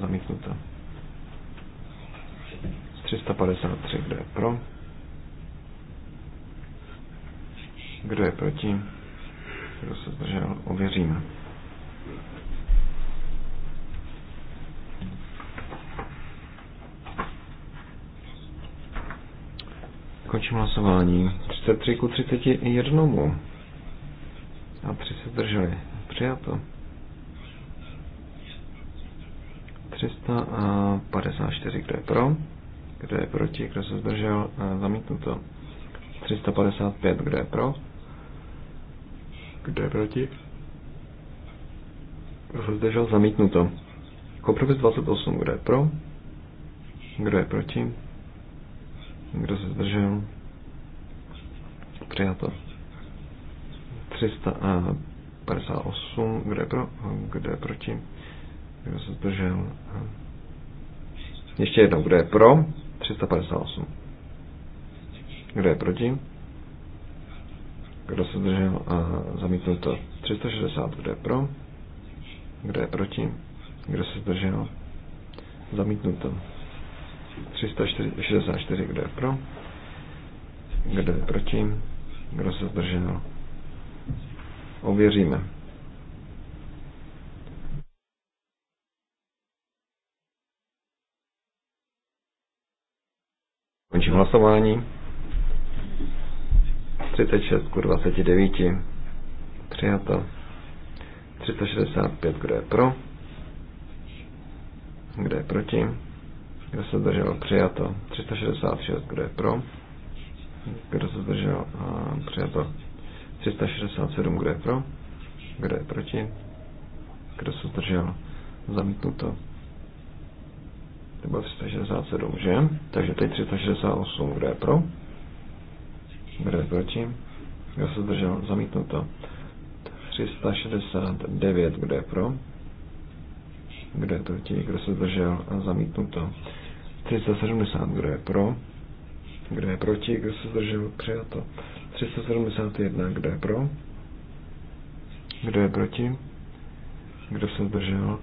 zamítnuto. 353, kdo je pro? Kdo je proti? Kdo se zdržel? Ověříme. Končím hlasování. 33 ku 31. A 3 se zdrželi. Přijato. 354, kdo je pro? Kdo je proti? Kdo se zdržel? E, zamítnuto. 355. Kdo je pro? Kdo je proti? Kdo se zdržel? Zamítnuto. Kompromis 28. Kdo je pro? Kdo je proti? Kdo se zdržel? Přijato. 358. Kdo je pro? Kdo je proti? Kdo se zdržel? E, ještě jednou, kdo je pro? 358. Kdo je proti? Kdo se zdržel? to 360. Kdo je pro? Kdo je proti? Kdo se zdržel? to 364. Kdo je pro? Kdo je proti? Kdo se zdržel? Ověříme. hlasování. 36 k 29. Přijato. 365, kdo je pro? Kdo je proti? Kdo se zdržel? Přijato. 366, kdo je pro? Kdo se zdržel? Přijato. 367, kdo je pro? Kdo je proti? Kdo se zdržel? Zamítnuto nebo 367, že? Takže teď 368, kdo je pro? Kdo je proti? Kdo se zdržel? Zamítnuto. 369, kdo je pro? Kdo je proti? Kdo se zdržel? Zamítnuto. 370, kdo je pro? Kdo je proti? Kdo se zdržel? Přijato. 371, kdo je pro? Kdo je proti? Kdo se zdržel?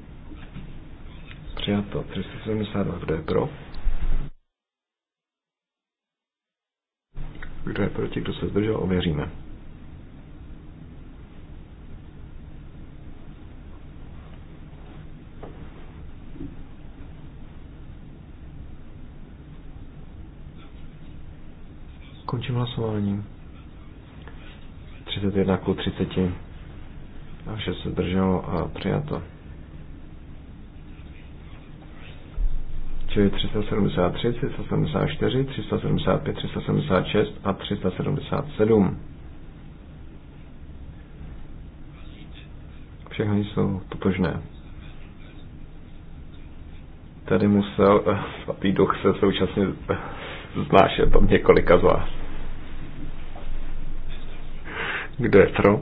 přijato. 372, kdo je pro? Kdo je proti, kdo se zdržel, ověříme. Končím hlasování. 31 k 30 a vše se drželo a přijato. čili 373, 374, 375, 376 a 377. Všechny jsou totožné. Tady musel uh, svatý duch se současně znášet od několika z vás. Kdo je pro?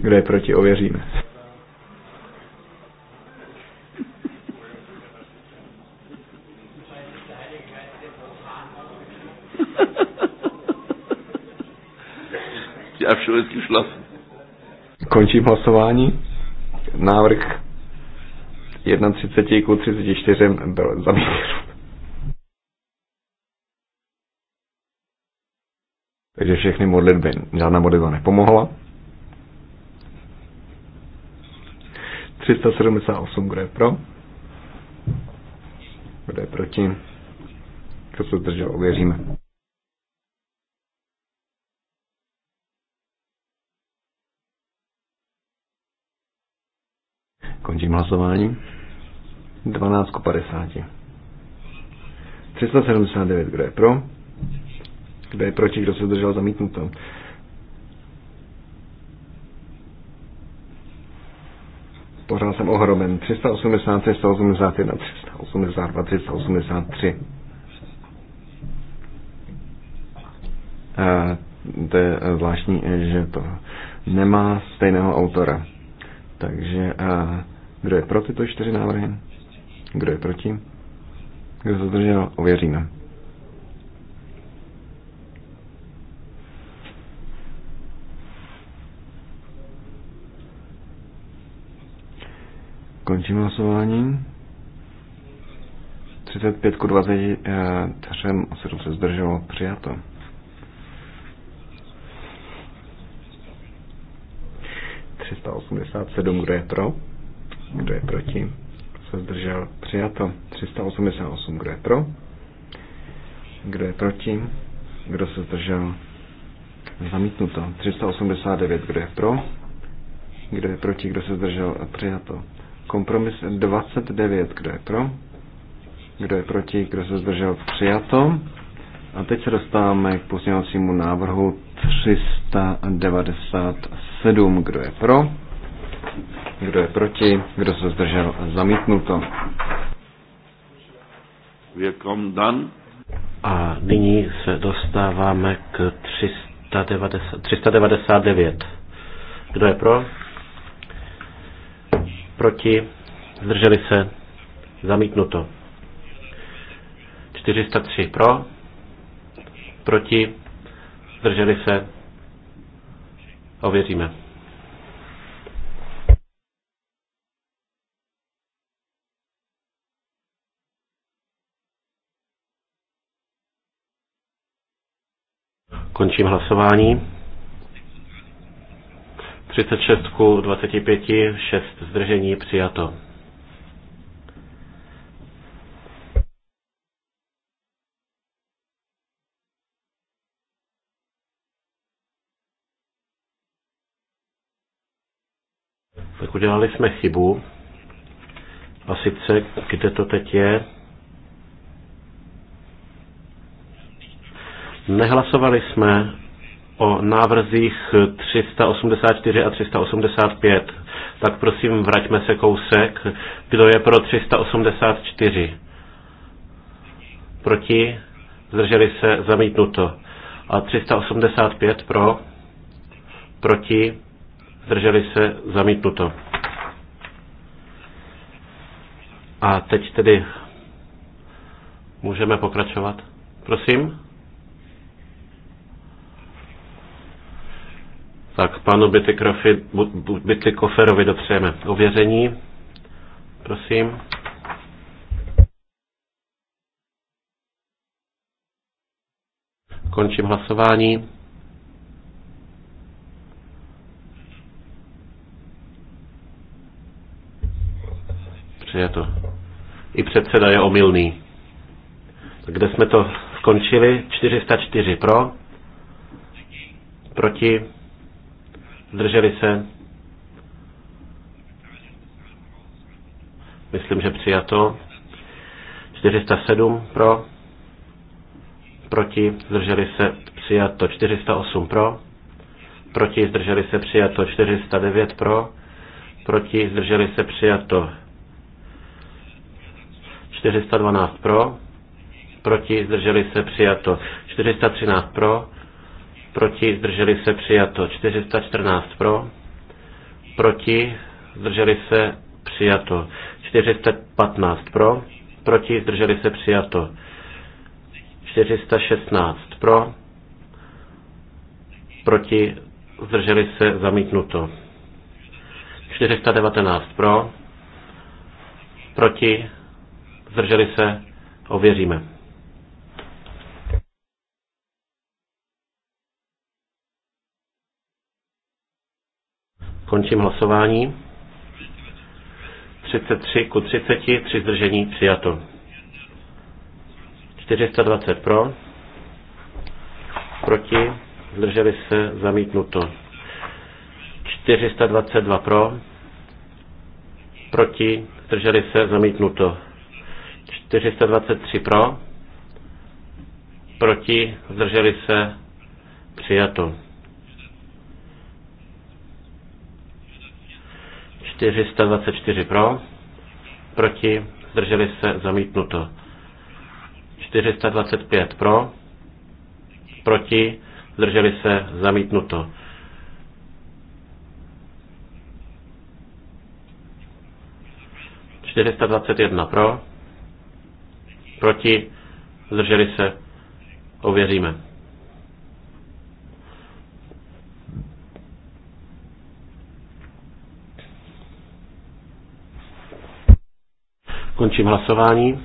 Kdo je proti, ověříme. a Abstimmung ist geschlossen. Končím hlasování. Návrh 31 k 34 byl zamítnut. Takže všechny modlitby, žádná modlitba nepomohla. 378, kdo je pro? Kdo je proti? Kdo se zdržel, uvěříme. Končím hlasování. 12 k 50. 379, kdo je pro? Kdo je proti, kdo se držel zamítnuto? Pořád jsem ohromen. 380, 381, 382, 383. A to je zvláštní, že to nemá stejného autora. Takže a eh, kdo je pro tyto čtyři návrhy? Kdo je proti? Kdo se zdržel? Ověříme. Končím hlasování. 35 k 23, 7 se zdrželo, přijato. sedm kdo je pro? Kdo je proti? se zdržel? Přijato. 388. Kdo je pro? Kdo je proti? Kdo se zdržel? Zamítnuto. 389. Kdo je pro? Kdo je proti? Kdo se zdržel? Přijato. Kompromis 29. Kdo je pro? Kdo je proti? Kdo se zdržel? Přijato. A teď se dostáváme k pozměňovacímu návrhu 397. Kdo je pro? Kdo je proti? Kdo se zdržel? Zamítnuto. A nyní se dostáváme k 390, 399. Kdo je pro? Proti? Zdrželi se? Zamítnuto. 403 pro? Proti? Zdrželi se? Ověříme. Končím hlasování. 36 ku 25, 6 zdržení přijato. Tak udělali jsme chybu. A sice, kde to teď je? Nehlasovali jsme o návrzích 384 a 385. Tak prosím, vraťme se kousek. Kdo je pro 384? Proti? Zdrželi se? Zamítnuto. A 385 pro? Proti? Zdrželi se? Zamítnuto. A teď tedy můžeme pokračovat. Prosím. Tak panu Bytikoferovi dopřejeme ověření. Prosím. Končím hlasování. to. I předseda je omylný. Kde jsme to skončili? 404 pro, proti Zdrželi se? Myslím, že přijato. 407 pro. Proti. Zdrželi se? Přijato. 408 pro. Proti. Zdrželi se? Přijato. 409 pro. Proti. Zdrželi se? Přijato. 412 pro. Proti. Zdrželi se? Přijato. 413 pro proti, zdrželi se přijato 414 pro, proti, zdrželi se přijato 415 pro, proti, zdrželi se přijato 416 pro, proti, zdrželi se zamítnuto 419 pro, proti, zdrželi se, ověříme. Končím hlasování. 33 ku 30, 3 zdržení, přijato. 420 pro, proti, zdrželi se, zamítnuto. 422 pro, proti, zdrželi se, zamítnuto. 423 pro, proti, zdrželi se, přijato. 424 pro, proti, zdrželi se, zamítnuto. 425 pro, proti, zdrželi se, zamítnuto. Čtyřista dvacet jedna pro, proti, zdrželi se, ověříme. Končím hlasování.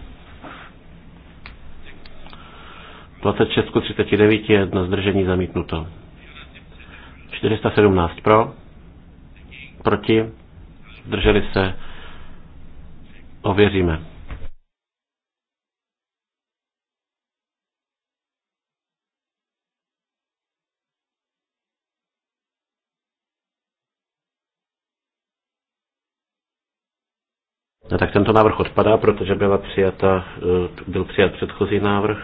26 39 je na zdržení zamítnuto. 417 pro, proti, zdrželi se, ověříme. No, tak tento návrh odpadá, protože byla přijata, e, byl přijat předchozí návrh.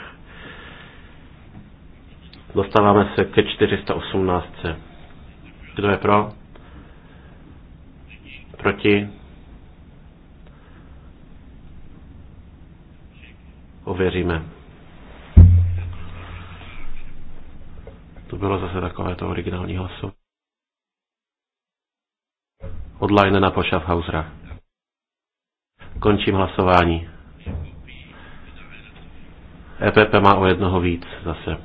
Dostáváme se ke 418. Kdo je pro? Proti? Ověříme. To bylo zase takové to originální hlasu. Odline na po Schaffhausera. Končím hlasování. EPP má o jednoho víc zase.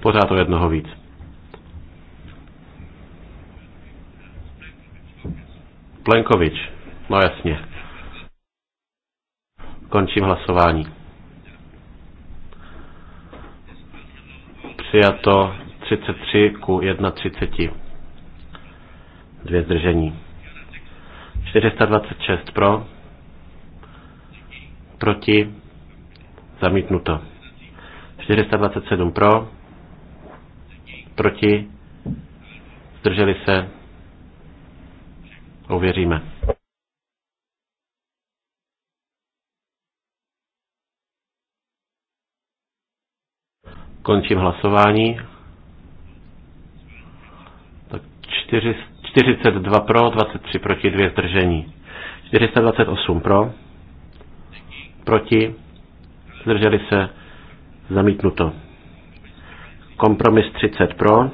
Pořád o jednoho víc. Plenkovič. No jasně. Končím hlasování. Přijato 33 ku 31 dvě zdržení. 426 pro, proti, zamítnuto. 427 pro, proti, zdrželi se, Uvěříme. Končím hlasování. Tak 400 42 pro, 23 proti, 2 zdržení. 428 pro, proti, zdrželi se, zamítnuto. Kompromis 30 pro,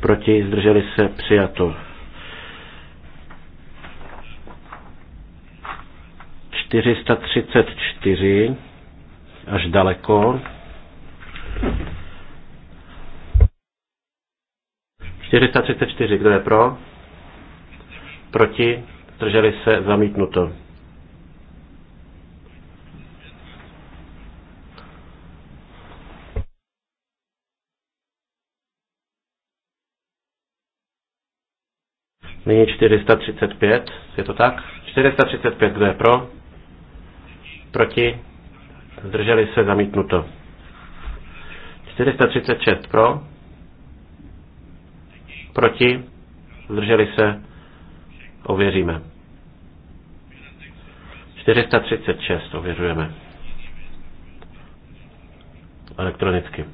proti, zdrželi se, přijato. 434 až daleko. 434, kdo je pro? Proti? Drželi se zamítnuto. Nyní 435, je to tak? 435, kdo je pro? Proti? Zdrželi se zamítnuto. 436 pro? Proti? Zdrželi se? Ověříme. 436 ověřujeme. Elektronicky.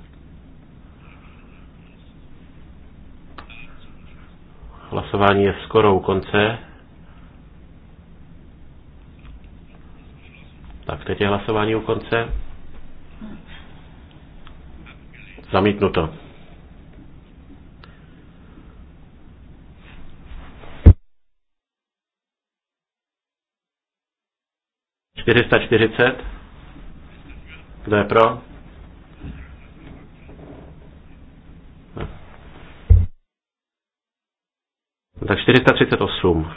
Hlasování je skoro u konce. Tak teď je hlasování u konce. Zamítnuto. 440. Kdo je pro? Tak 438.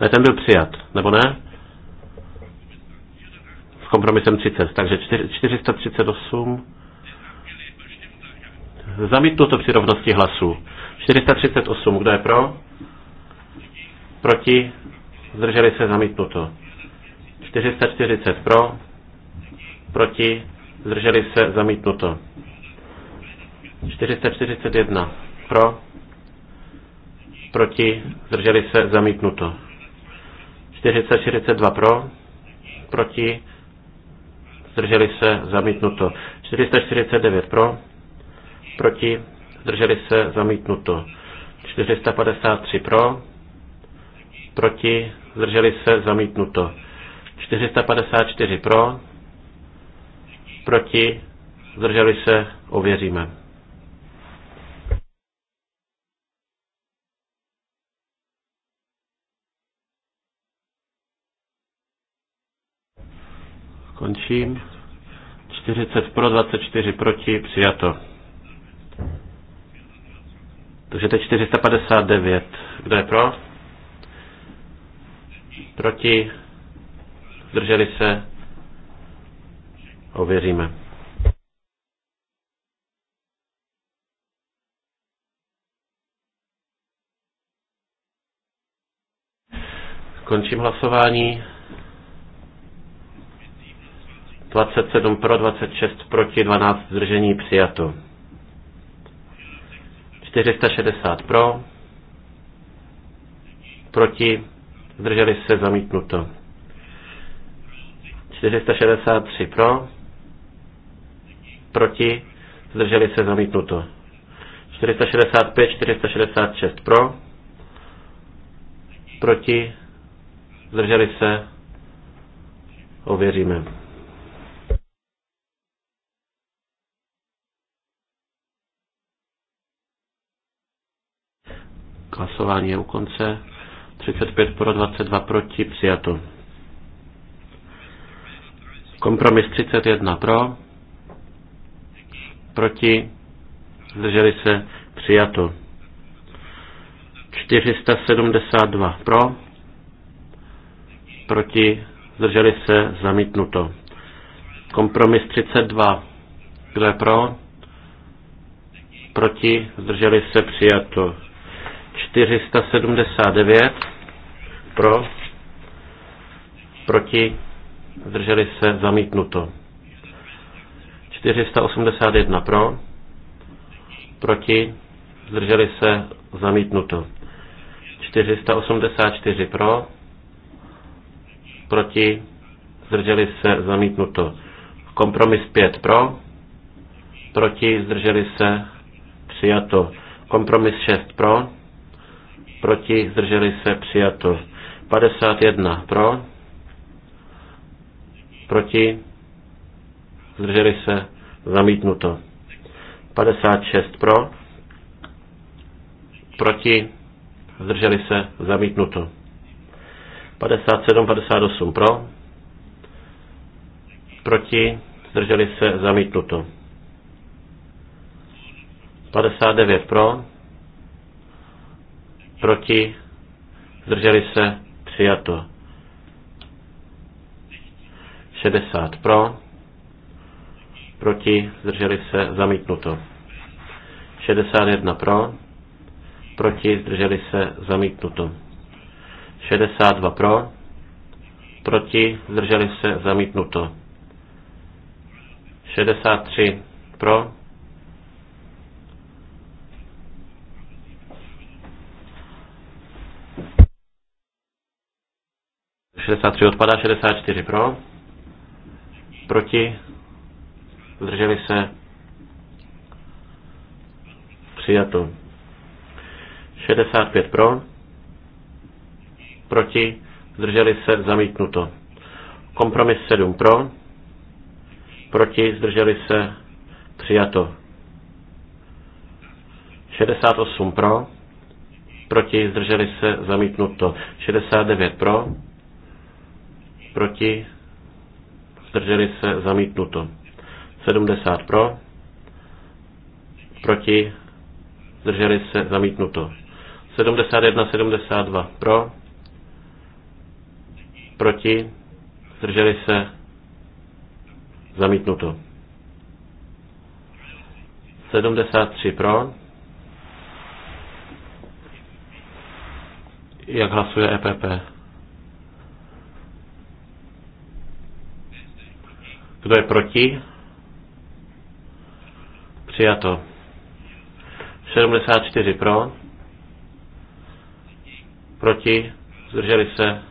Ne, ten byl přijat, nebo ne? S kompromisem 30, takže 438. Zamítnu to při rovnosti hlasů. 438, kdo je pro? Proti? Zdrželi se zamítnuto. 440 pro, proti, zdrželi se, zamítnuto. 441 pro, proti, zdrželi se, zamítnuto. 442 pro, proti, zdrželi se, zamítnuto. 449 pro, proti, zdrželi se, zamítnuto. 453 pro, proti, zdrželi se, zamítnuto. 454 pro, proti, zdrželi se, ověříme. Končím. 40 pro, 24 proti, přijato. Takže teď 459. Kdo je pro? Proti? Zdrželi se? Ověříme. Končím hlasování. 27 pro, 26 proti, 12 zdržení přijato. 460 pro, proti, zdrželi se zamítnuto. 463 pro, proti, zdrželi se zamítnuto. 465, 466 pro, proti, zdrželi se, ověříme. Klasování je u konce. 35 pro, 22 proti, přijato. Kompromis 31 pro, proti, zdrželi se, přijato. 472 pro, proti, zdrželi se, zamítnuto. Kompromis 32, kdo je pro, proti, zdrželi se, přijato. 479 pro, proti, zdrželi se, zamítnuto. 481 pro, proti, zdrželi se, zamítnuto. 484 pro, proti, zdrželi se, zamítnuto. Kompromis 5 pro, proti, zdrželi se, přijato. Kompromis 6 pro, proti, zdrželi se, přijato. 51 pro, Proti? Zdrželi se? Zamítnuto. 56 pro? Proti? Zdrželi se? Zamítnuto. 57, 58 pro? Proti? Zdrželi se? Zamítnuto. 59 pro? Proti? Zdrželi se? Přijato. 60 pro, proti, zdrželi se, zamítnuto. 61 pro, proti, zdrželi se, zamítnuto. 62 pro, proti, zdrželi se, zamítnuto. 63 pro, Šedesát tři odpadá, šedesát čtyři pro. Proti? Zdrželi se? Přijato. 65 pro? Proti? Zdrželi se? Zamítnuto. Kompromis 7 pro? Proti? Zdrželi se? Přijato. 68 pro, proti, zdrželi se, zamítnuto. 69 pro, proti, zdrželi se, zamítnuto. 70 pro, proti, zdrželi se, zamítnuto. 71, 72 pro, proti, zdrželi se, zamítnuto. 73 pro. Jak hlasuje EPP? Kdo je proti? Přijato. 74 pro. Proti. Zdrželi se.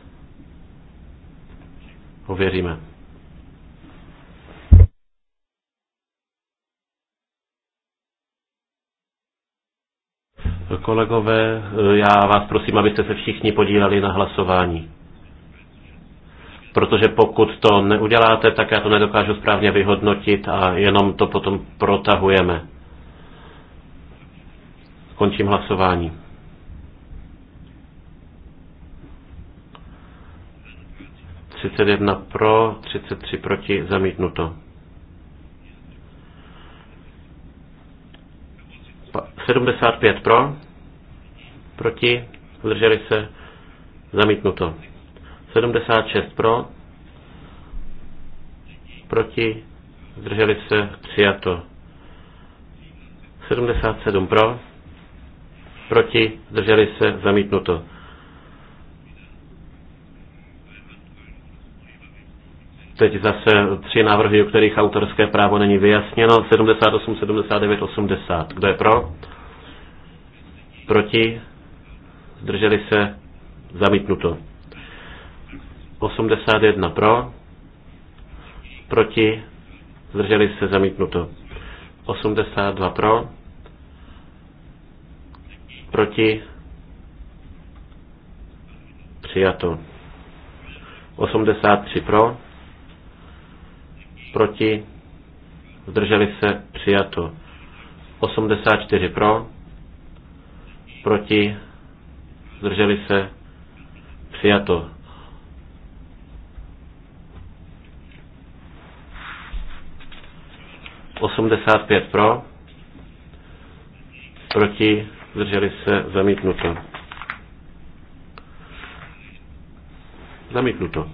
Pověříme. Kolegové, já vás prosím, abyste se všichni podíleli na hlasování protože pokud to neuděláte, tak já to nedokážu správně vyhodnotit a jenom to potom protahujeme. Končím hlasování. Třicet jedna pro, třicet tři proti, zamítnuto. 75 pro, proti, zdrželi se, zamítnuto. 76 pro, proti, zdrželi se, přijato. 77 pro, proti, zdrželi se, zamítnuto. Teď zase tři návrhy, u kterých autorské právo není vyjasněno. 78, 79, 80. Kdo je pro? Proti? Zdrželi se? Zamítnuto. 81 pro, proti, zdrželi se zamítnuto. 82 pro, proti, přijato. 83 pro, proti, zdrželi se, přijato. 84 pro, proti, zdrželi se, přijato. 85 pro, proti, zdrželi se, zamítnuto. Zamítnuto.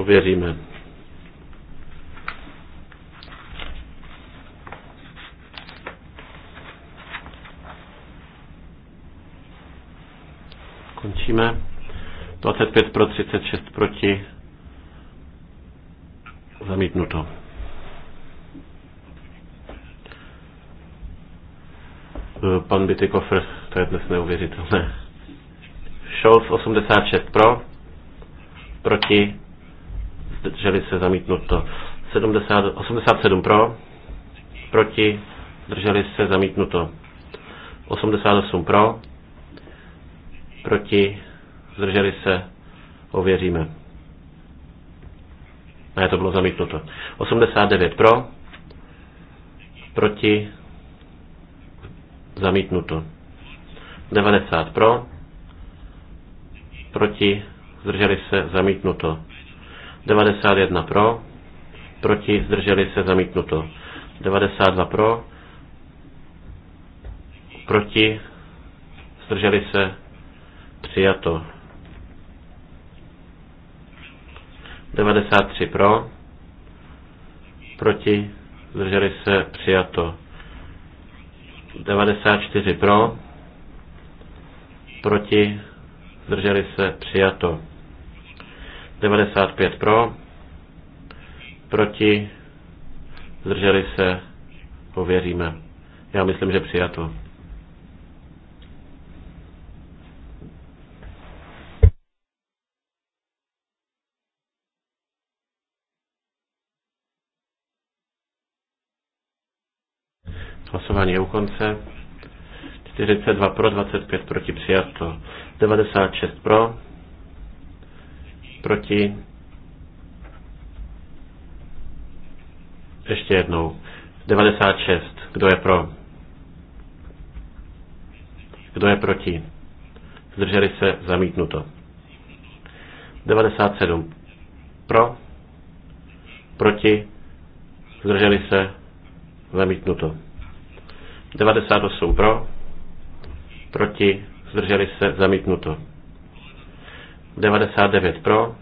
Ověříme. Končíme. 25 pro 36 proti. Zamítnuto. Pan Bitykofr, to je dnes neuvěřitelné. Scholz 86 pro, proti, zdrželi se zamítnuto. 70, 87 pro, proti, drželi se zamítnuto. 88 pro, proti, zdrželi se, ověříme. Ne, to bylo zamítnuto. 89 pro, proti, Zamítnuto. 90 pro. Proti. Zdrželi se. Zamítnuto. 91 pro. Proti. Zdrželi se. Zamítnuto. 92 pro. Proti. Zdrželi se. Přijato. 93 pro. Proti. Zdrželi se. Přijato. 94 pro, proti, zdrželi se, přijato. 95 pro, proti, zdrželi se, pověříme. Já myslím, že přijato. Hlasování je u konce. 42 pro, 25 proti přijato. 96 pro, proti. Ještě jednou. 96. Kdo je pro? Kdo je proti? Zdrželi se zamítnuto. 97. Pro? Proti? Zdrželi se zamítnuto. 98 pro, proti, zdrželi se, zamítnuto. 99 pro,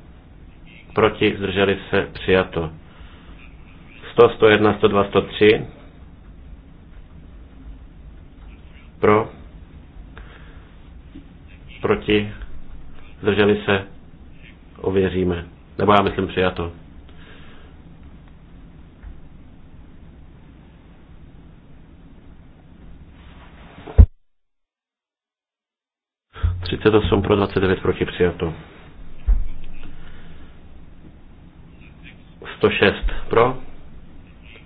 proti, zdrželi se, přijato. 100, 101, 102, 103 pro, proti, zdrželi se, ověříme. Nebo já myslím přijato. 38 pro 29 proti přijato. 106 pro,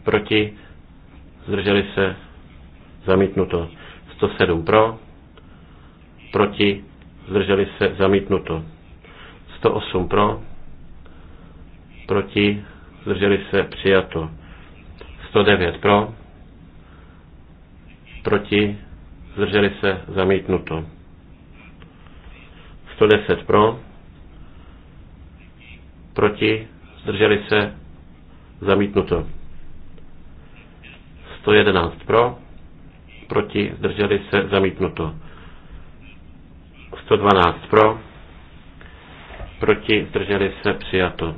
proti, zdrželi se, zamítnuto. 107 pro, proti, zdrželi se, zamítnuto. 108 pro, proti, zdrželi se, přijato. 109 pro, proti, zdrželi se, zamítnuto. 110 pro, proti, zdrželi se, zamítnuto. 111 pro, proti, zdrželi se, zamítnuto. 112 pro, proti, zdrželi se, přijato.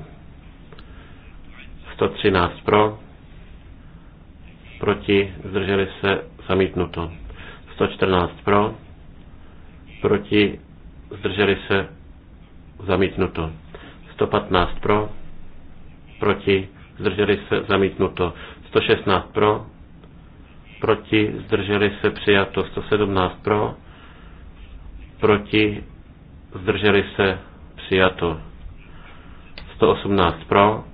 113 pro, proti, zdrželi se, zamítnuto. 114 pro, proti, zdrželi se, zamítnuto. 115 pro, proti, zdrželi se, zamítnuto. 116 pro, proti, zdrželi se, přijato. 117 pro, proti, zdrželi se, přijato. 118 pro,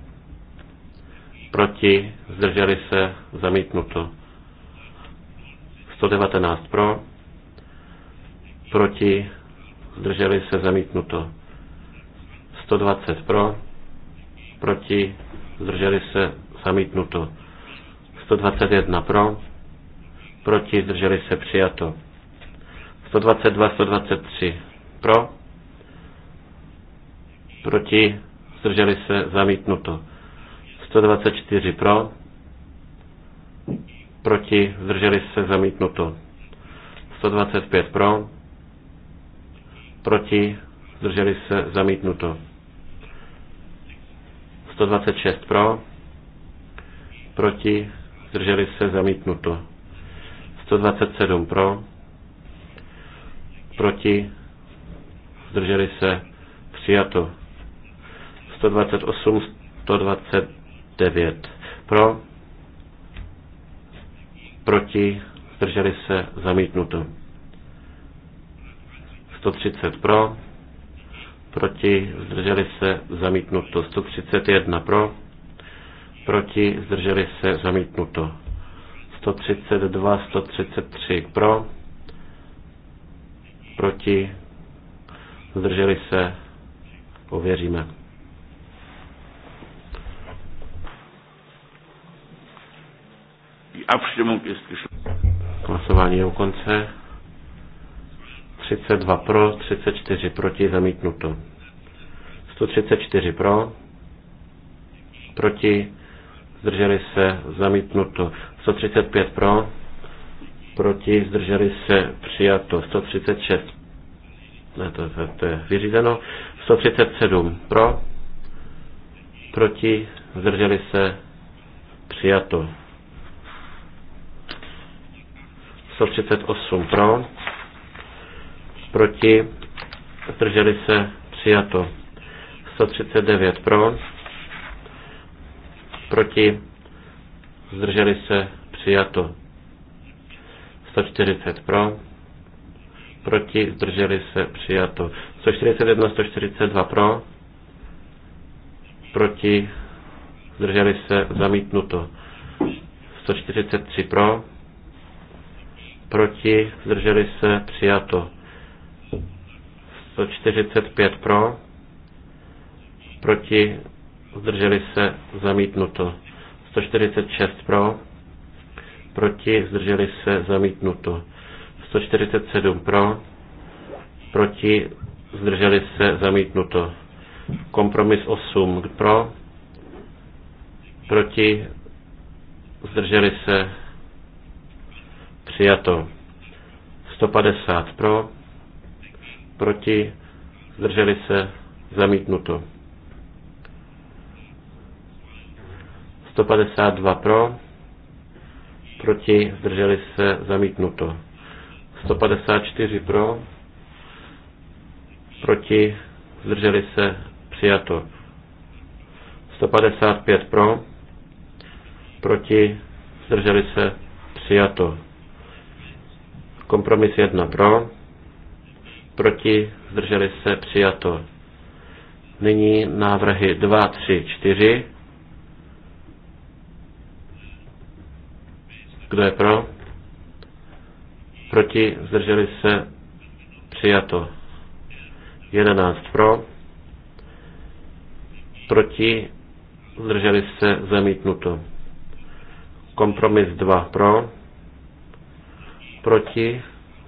proti, zdrželi se, zamítnuto. 119 pro, proti, Zdrželi se zamítnuto. 120 pro. Proti. Zdrželi se zamítnuto. 121 pro. Proti. Zdrželi se přijato. 122, 123 pro. Proti. Zdrželi se zamítnuto. 124 pro. Proti. Zdrželi se zamítnuto. 125 pro proti, zdrželi se, zamítnuto. 126 pro, proti, zdrželi se, zamítnuto. 127 pro, proti, zdrželi se, přijato. 128, 129 pro, proti, zdrželi se, zamítnuto. 130 pro, proti, zdrželi se, zamítnuto. 131 pro, proti, zdrželi se, zamítnuto. 132, 133 pro, proti, zdrželi se, ověříme. Hlasování je u konce. 32 pro, 34 proti, zamítnuto. 134 pro, proti, zdrželi se, zamítnuto. 135 pro, proti, zdrželi se, přijato. 136, ne, to, to, to je vyřízeno. 137 pro, proti, zdrželi se, přijato. 138 pro, proti, zdrželi se, přijato. 139 pro, proti, zdrželi se, přijato. 140 pro, proti, zdrželi se, přijato. 141, 142 pro, proti, zdrželi se, zamítnuto. 143 pro, proti, zdrželi se, přijato. 145 pro, proti, zdrželi se, zamítnuto. 146 pro, proti, zdrželi se, zamítnuto. 147 pro, proti, zdrželi se, zamítnuto. Kompromis 8 pro, proti, zdrželi se, přijato. 150 pro, proti, zdrželi se, zamítnuto. 152 pro, proti, zdrželi se, zamítnuto. 154 pro, proti, zdrželi se, přijato. 155 pro, proti, zdrželi se, přijato. Kompromis 1 pro, proti, zdrželi se, přijato. Nyní návrhy 2, 3, 4. Kdo je pro? Proti, zdrželi se, přijato. 11 pro, proti, zdrželi se, zamítnuto. Kompromis 2 pro, proti,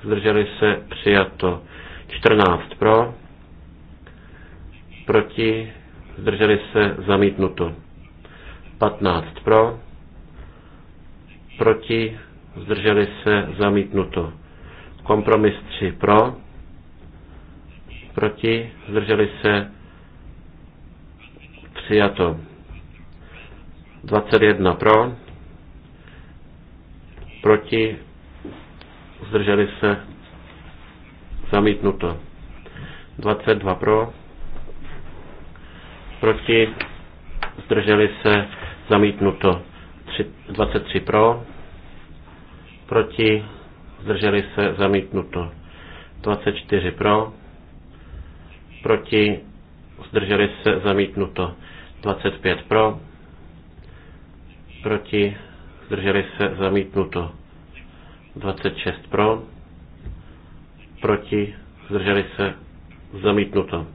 zdrželi se, přijato. 14 pro, proti, zdrželi se, zamítnuto. 15 pro, proti, zdrželi se, zamítnuto. Kompromis 3 pro, proti, zdrželi se, přijato. 21 pro, proti, zdrželi se, Zamítnuto. 22 pro. Proti. Zdrželi se. Zamítnuto. 23 pro. Proti. Zdrželi se. Zamítnuto. 24 pro. Proti. Zdrželi se. Zamítnuto. 25 pro. Proti. Zdrželi se. Zamítnuto. 26 pro proti, zdrželi se, zamítnuto.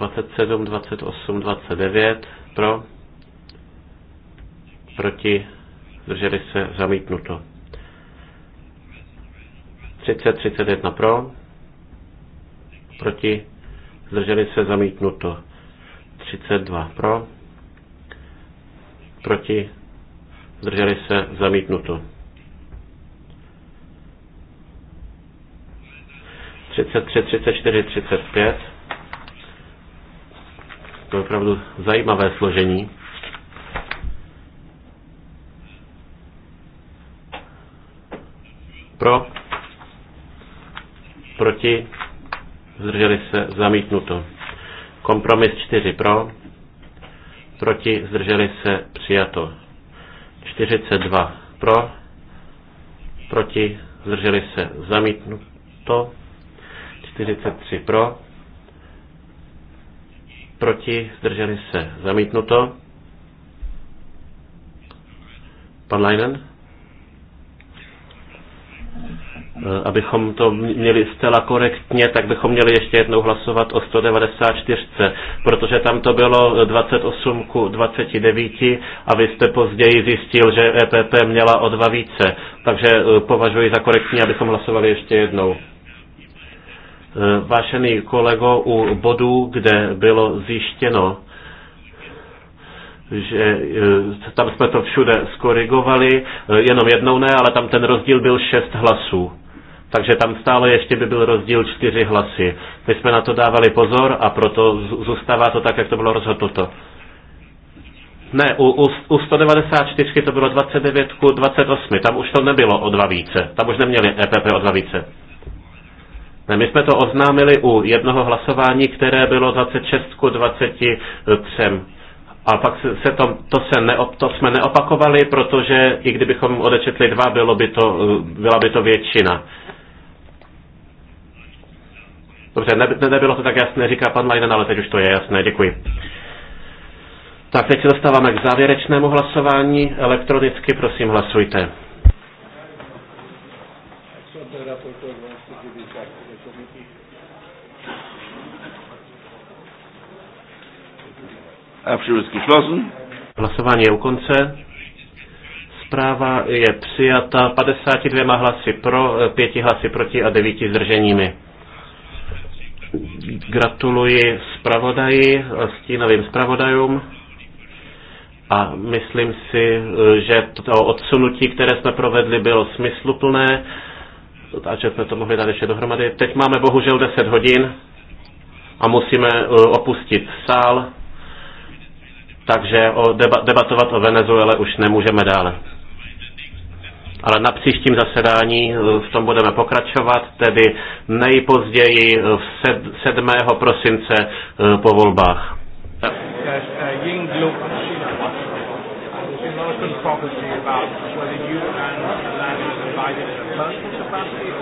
27, 28, 29 pro, proti, zdrželi se, zamítnuto. 30, 31 pro, proti, zdrželi se, zamítnuto. 32 pro, proti, zdrželi se, zamítnuto. 33, 34, 35. To je opravdu zajímavé složení. Pro, proti, zdrželi se, zamítnuto. Kompromis 4 pro, proti, zdrželi se, přijato. 42 pro, proti, zdrželi se, zamítnuto. 43 pro, proti, zdrželi se, zamítnuto. Pan Leinen? Eh, abychom to měli zcela korektně, tak bychom měli ještě jednou hlasovat o 194, protože tam to bylo 28 ku 29 a vy jste později zjistil, že EPP měla o dva více. Takže eh, považuji za korektní, abychom hlasovali ještě jednou. Eh, vážený kolego, u bodu, kde bylo zjištěno, že eh, tam jsme to všude skorigovali, eh, jenom jednou ne, ale tam ten rozdíl byl šest hlasů. Takže tam stále ještě by byl rozdíl čtyři hlasy. My jsme na to dávali pozor a proto zůstává to tak, jak to bylo rozhodnuto. Ne, u, u, u 194 to bylo 29 28, tam už to nebylo o dva více, tam už neměli EPP o dva více. My jsme to oznámili u jednoho hlasování, které bylo 26 ku 23. A pak se to, to, se neop, to jsme neopakovali, protože i kdybychom odečetli dva, bylo by to, byla by to většina. Dobře, ne, ne, nebylo to tak jasné, říká pan Leinen, ale teď už to je jasné, děkuji. Tak teď se dostáváme k závěrečnému hlasování. Elektronicky prosím hlasujte. Hlasování je u konce. Zpráva je přijata 52 hlasy pro, 5 eh, hlasy proti a 9 zdrženími. Gratuluji zpravodaji, stínovým zpravodajům a myslím si, eh, že to odsunutí, které jsme provedli, bylo smysluplné a že jsme to mohli dát ještě dohromady. Teď máme bohužel 10 hodin a musíme eh, opustit sál. Takže o debatovat o Venezuele už nemůžeme dále. Ale na příštím zasedání eh, v tom budeme pokračovat, tedy nejpozději 7. Eh, prosince eh, po volbách.